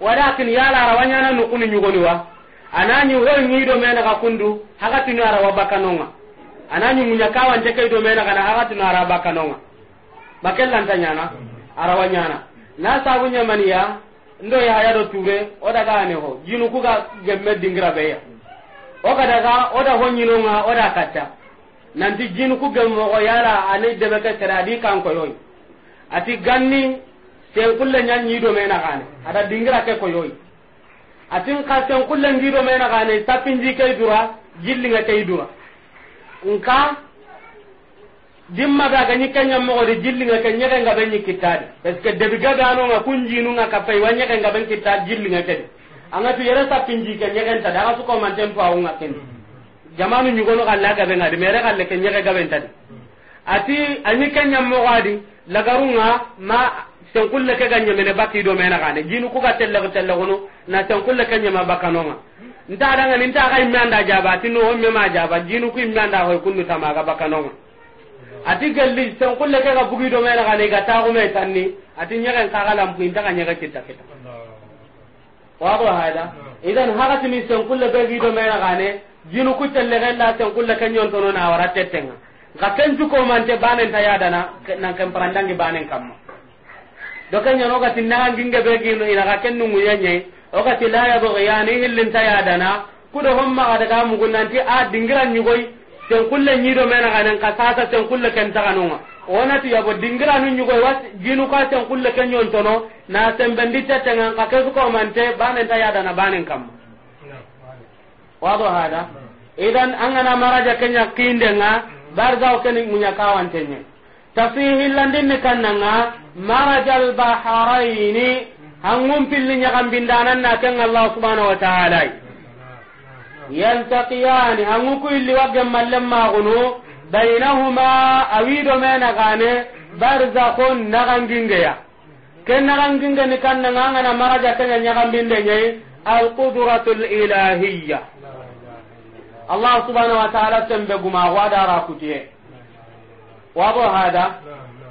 A: walakin yalara wañana nukuni ñugoniwa anañi hoñuido menaga kundu hagatinu arawa bakkanonga anañi muña kawance keido menagana hagatinu ara bakkanonga bakellanta ñana arawa ñana na sabu ñamaniya ndo ya haya do ture o daga ne ho jinu kuga gemme dingira be ya o ka daga o da ho nyino nga o da katta ti jinu ku gemmo ko yala ane de be ka di kan ko yoy ati ganni sen kulle nyan nyido me na kane ada dingira ke ko yoy atin ka sen kulle ngido me na kane tapinji ke dura jillinga ke dura nka dimma ga ga nyika nyam mo ri jilli nga kenya ga ga benyi kitadi parce que debi ga ga no nga kunji nu nga kapai wanya ga ga ben kitadi jilli nga kedi anga tu yere sa pinji ke nyega nta daga su ko man tempo awu nga ken jamanu nyugo no kala ga benga de mere kala ke nyega ga ben tadi ati anyi kenya mo gadi lagarunga ma sen kulle ke ganye mene baki do mena ne jinu ku ga tella tella gono na sen kulle ke nyama bakanonga nta daga ni nta ga imanda jaba tinu homme ma jaba jinu ku imanda ho kunu tamaga bakanonga ati galli tan kulle ke ga bugi do mena ga ne ga ta gume tanni ati nyaga ka ga lam kuin ta ga nyaga kita kita wa do hada idan haga tini tan kulle be gi do mena ga ne jinu ku telle ga la tan kulle kan yon tono na wara tetenga ga kan ju ko man te banen ta yada na nan kan parandangi banen kamma do kan yano ga tin na nginga be gi no ina ga ken nu muyenye o ga ti la ya bo ga yani hillin ta yada na kudo homma ga daga mugunanti a dingiran nyugoi sen kulle nyido mena ganen ka sasa sen kulle ken taganunga onati yabo dingira nu nyugo wat ginu ka sen kulle ken tono na sen bendi tatenga ka kesu ko mante banen ta yada na banen kam wado hada idan angana maraja kenya nga barza o ken munya kawan tenye tafihi landin ne kannanga marajal baharaini hangum pillinya kam bindanan na ken allah subhanahu wa ta'ala yaltaqiyani angu illi wagge mallem magunu bainahuma awido mena gane barzakhun nagangingeya ken nagangingeni kanna ngangana maraja kenya nyagambinde nyai alqudratul ilahiyya allah subhanahu wa ta'ala tembe guma wada rakutiye wabo hada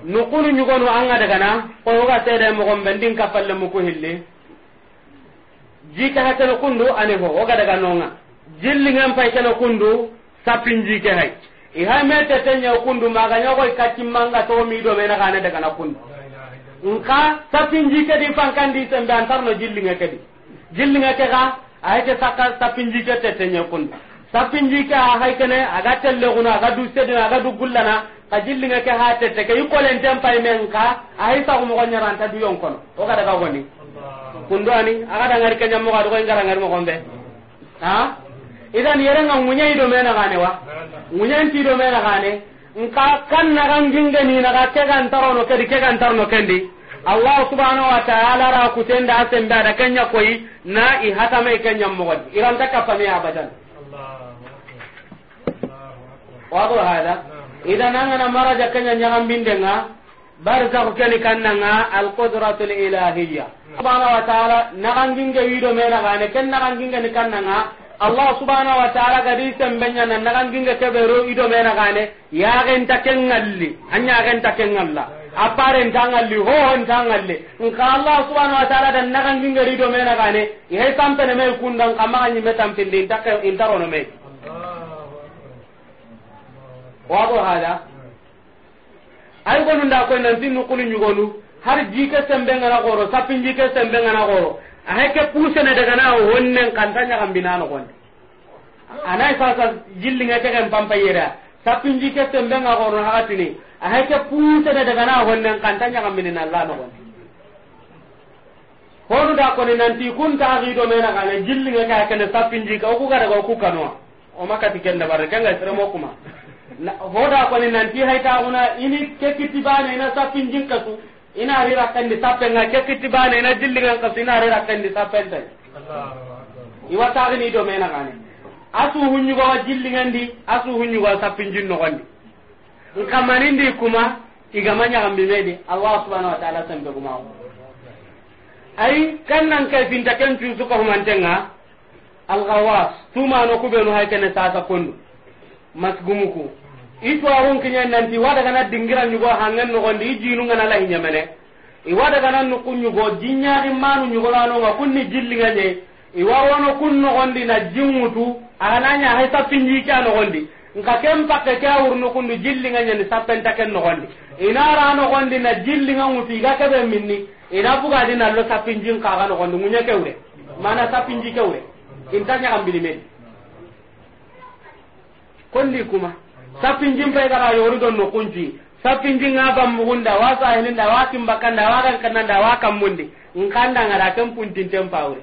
A: nukunu ñugonu anga dagana koyoga seede mogon bendin kapalle muku hilli jika hatene kundu ani ho oga daga nonga jilli jillingen pay kene kundu sapinji ke hay iha mete tenya kundu maga nyago ikatimanga to mi do mena kana daga na kundu nka sapinji ke di fankandi sembe antarno jillinga ke di jillinga ke ga ayete saka sapinji ke tetenya kundu sapinji ke a hay kene aga telle guna aga du sedina aga du gullana ka jillinga ke ha tete ke ikolen tempai men ka ay sa ko mo ta du yon kono o kada ga woni kundu ani aga da ngari kenya mo ga do ngara ngari mo gombe ha idan yerenga munyai do mena gane wa munyan ti do mena gane nka kan na kan ginga ni na ka ke kan tarono ke ke kan tarono kendi allah subhanahu wa ta'ala ra ku tenda asen da da kanya koyi na i hata mai kanya mogod iran ta kafa ne abadan wa do hada idan an ana maraja kanya nyangam bindenga barza ku kani kannanga al qudratu al ilahiyya hmm. subhanahu wa ta'ala na kan ginga me na gane ken na kan ginga ni nga. allah subhanahu wa ta'ala gadi sembenya nan nagan ginga kebero ido mena gane ya genta kengalli anya genta kengalla apare ntangalli ho ntangalli nka allah subhanahu wa ta'ala dan nagan ginga ido mena gane ye sampe ne me kundan kama anyi metam pindi intaka intaro no me wado hada ay gonu nda ko nan tinnu kulu nyugonu har jike sembe ngana goro sapin jike sembe ngana goro a puse na daga na honnen kanta ñagam bina nogondi anai sasa jillinge tegen pampa yera sappinji ke sembenga gorno hakatini a puse na daga na honnen kanta ñagam bini nalla nogondi honu da ni nanti kun taxido mena kane jillinge ka kene sappinji ka oku gadaga oku kanoa oma kati ken dabarre kenga mo kuma hoda ni nanti haytaxuna ini ke na ina sappinjin kasu ina rira di kandi nga ke kitti bana ina dillingan kasi ina rira di kandi sappentay iwa ni do mena gane asu hunyugowa jillingandi asu hunyugowa sappinjin nogondi ndi kuma igama ñagambi mede allah subhanahu wa taala be kuma ayi kan nan kai finta ken cuusuka humantenga algawas tumano kuɓenu hay kene sa kondu masgumuku itwaxun kiñen nanti wadagana dingira ñugo hangen nogondi i jinungana lahi ñamene iwadagana nuku ñugo jinñaxi manu ñugolanonga kunni jillinga ñe iwarono kun nogondi na jinŋutu aganaña hay sappinjiike a nogondi nka ken pakke ke a wurnukundu jillinga ñeni sappenta ken nogondi inara nogondi na jillinga ga iga keɓe minni ina buga di bugadi nallo sappinjin kaga nogondi ŋuñe kewre mana sappinji kewre inta ñagambini meni kondi kuma jin pay gara yori don no kunci jin ga bam mugunda wa sahinin da wa timbakan da wa kan kan da wa kan mundi in kan da ngara kan puntin tem pawre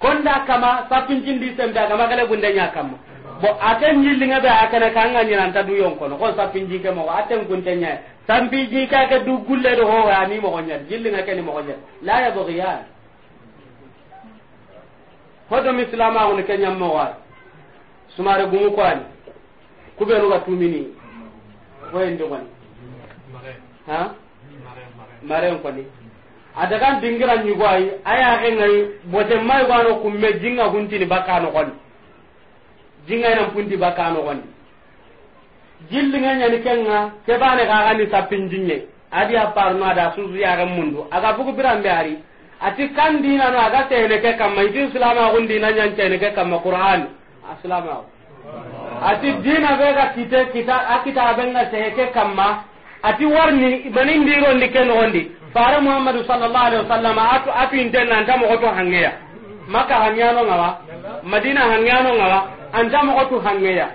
A: konda kama jin di sem da kama gale gunda nya kama bo aten yillinga be kan kanga ni ta du yon kono kon jin ke mo aten gunte nya sambi ji ka ke du gulle do ho wa ani mo gonya yillinga ke ni mo gonya la ya bughiyan hodo mislama on ke nyammo wa sumare gumu ko ani kubenu ga tumini hoyendi goni ha maren koni adagan dingira ñugo ayi ayaxe ngayi bote may gwano kumme jinga huntini bakkano goni jingaynan punti bakkano goni jillinga ñani kenga kebane kaxani sappin jinye adi a parno ada susu yaxen mundu aga bugu biranbe ari ati kan dinano aga tehneke kamma itin silamaxun dina ñan tehneke kamma qur'an a silamaxu ati dina be ga kite kita akita benga seheke kamma ati warni banin diro ndike no ndi fara muhammadu sallallahu alaihi wasallam atu atu intenna anta mo to hangeya maka hanyano ngawa madina hanyano ngawa anta mo to hangeya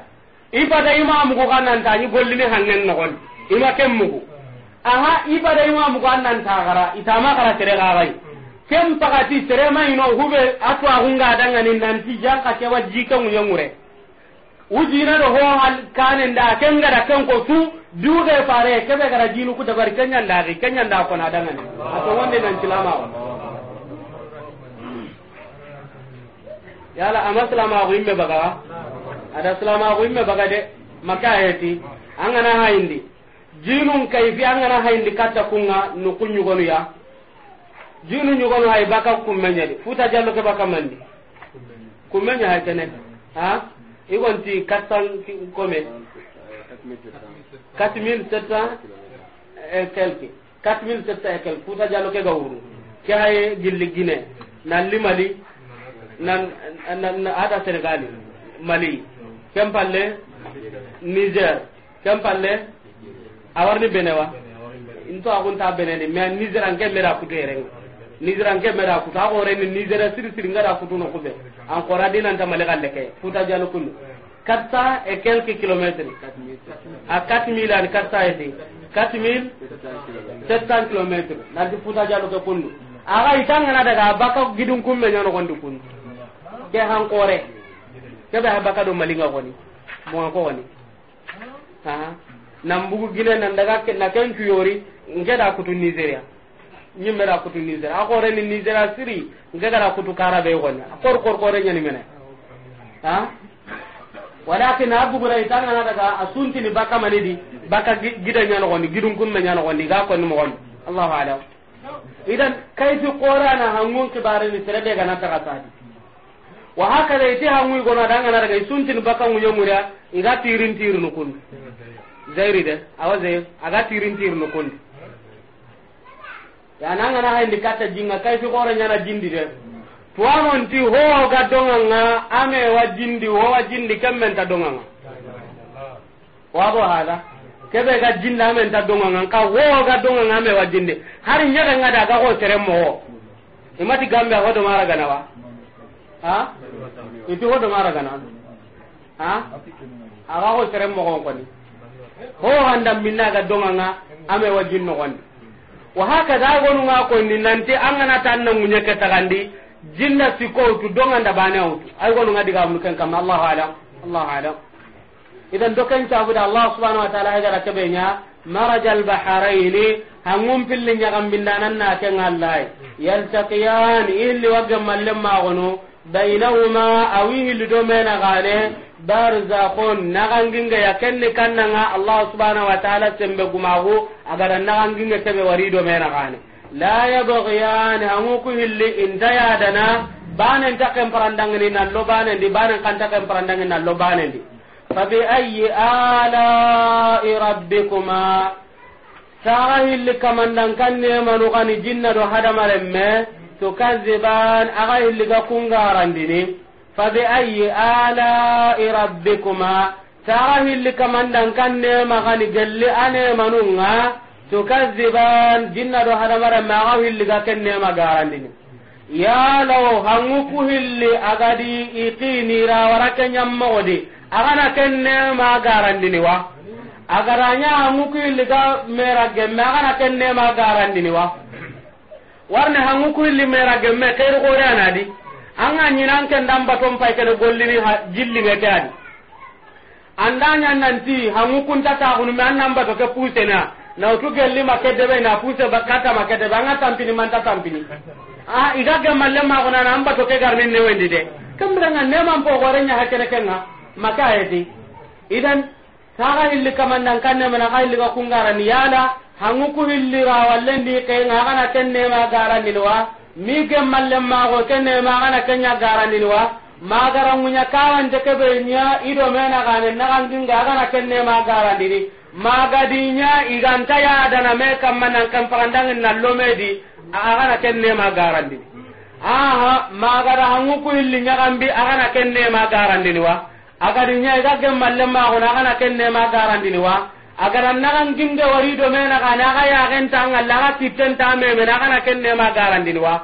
A: ibada imam ko kanan tani gollini hangen no gon ima kemmu aha ibada imam ko annan tagara itama kara tere garai kem pagati tere mai no hube atu ahunga danga ni nanti jang ka kewa jika ngunyangure ujina do ho hal kanen da ken gara ken ko su duge fare ke be gara jinu ku dabar kenya da ri kenya da ko na dangan ato wonde nan tilama wa yala amma salama ko imme baga ada salama ko imme baga de maka heti angana ha indi jinun fi angana ha indi katta kunga nu kunyu gonu ya jinu nyugonu hay baka kummenya de futa jallo ke baka mandi kummenya hay tene ha igonti kastan kome quatre mille sept cent et quelque quatre mille sept cent et kuta jalo ke gawuru ke haye gilli gine nan li mali nan hada sénégali mali ken palle niger ken palle awarni benewa into agunta beneni mais niger nigeran ke meda kutu a koreni nigera siri siri ngada kutuno kube an kora male malekalle ke futa jalo kundu katta cent et quelques kilomètres a quatre mille katta e di eti quatre mille sept cent kilomètres futa jalo ke kundu aga itangana daga baka gidun kumbe kondu kundu ke han kore ke ha baka do malinga koni mo ko koni ha nambugu gine nan daga na kencu yori ngeda kutu nigeria ñimmena kutu niger a ni niger a siri nke gara kutu karabe goña a kor kor kore ñani mene a ah, ah? walakin a bugura itangana daga a suntini baka mani di baka gida ñanogondi gidun kunne ñanogondi ga konni mogondi allahu alam idan kayfi qorana hangun kibarini daga na taga sadi wa hakada iti hangui gono adangana daga i suntini mu yomura iga tirin tirinu kundi zairi de awa aga tirin tirinu kundi ya nanga na hay ndikata jinga kay fi gore nyana jindi de to amon ti ho ga donganga ame wa jindi ho wa jindi kammen ta donganga wa bo hala kebe ga jinda amen ta donganga ka ho ga donganga ame wa jindi har nyaga ngada ga ko tere mo imati gambe ho do mara gana wa ha itu ho do mara gana ha aga ko tere mo ko ni ho handa minna ga donganga ame wa jinno ko ni wa hakada gonu nga kondi nanti angana tan na munye ketagandi jinna sikotu donganda bane awtu ay gonu nga diga mun kan kam allah alam allah alam idan doken allah subhanahu wa ta'ala al baharaini hangum pilli nyagam bindanan na ken allah yaltaqiyan illi wagam mallem ma gonu bainahuma awihi ludomena gane barzakun naganginga ya kenne kannanga allah subhanahu wa ta'ala sembe gumagu agada naganginga kebe warido na gane la yabghiyan hangu ku hilli inta dana. banen ta kan parandangani nallo banen di banen kan ta kan parandangani nallo banen di fabi ayyi ala rabbikuma hilli kamandan kan ne manu jinna do aga hilli ga kungarandini fa bi ayi ala iradikuma saa a wuuli kamanda kan nee ma kani galii a nee ma nu ŋaa tu ka jinna du hadamadan a wuuli ka kennee ma gaaraan di ni yaaloo a ngu agadi fi niraa wara kee nya ma ko di a kana kennee ma gaaraan di ni wa. agadanyaa a ngu meera gimmee a kana kennee ma gaaraan warna a ngu meera gimmee seeru godhe anaadii. anga nyinan ken dan baton pay kene gollini jilli me tan andanya nanti hangu kun ta ta hunu man nan bato ke pusena na utu lima make debe na puse ba kata ma make debe anga tampini man ta tampini a iga ga malle ma gona nan bato ke garmin ne wendi de kambranga ne man po gorenya hakene kenga maka ayati idan kaga hilli kamandan kanne mana ka hilli ka ni yala hangu ku hilli rawalle ndi kenga kana tenne ma garani wa mi ke malle ma go kenne ma kana kenya garani wa ma garangunya kawan de kebe nya ido mena kana na kan dinga kana kenne ma garani ni ma gadinya iganta ya dana me kam manan kan parandang na di lomedi kana kenne ma garani aha ma gara hangu ku bi kambi kana kenne ma garani wa agadinya ga gemalle ma ko go kana kenne ma garani wa agara nagan gimbe wari do mena ga naga ya gen tanga laga titen ta me mena kana ken ne ma garandini wa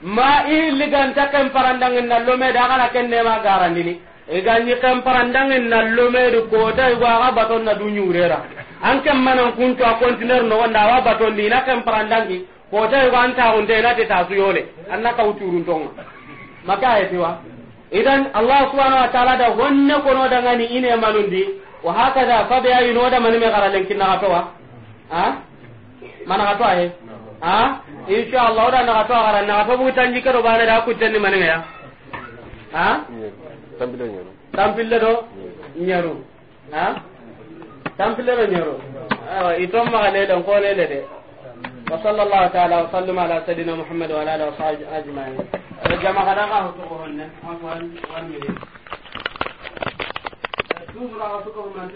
A: ma i ligan ta kan parandang na lo me da kana ken ne ma garandini e gan ni kan parandang na lo me du ko ta wa ga baton na dunyu rera an kan manan kun to kontiner no wanda wa baton ni na kan ki. ko ta wa an ta hunde na ta su yole an na ka uturun tonga maka ayati wa idan allah subhanahu wa ta'ala da wonne kono ngani ine manundi wa hakada fa be ayi no da man me garalen kinna ka to wa ha mana ka to ahe ha Allah da na ka to garan na fa bu tanji ka do bana da ku tanni man ya ha tampille do tampille do nyaru ha tampille do nyaru awa itom ma le don ko le le de wa sallallahu ta'ala wa sallama ala دون رأسكم من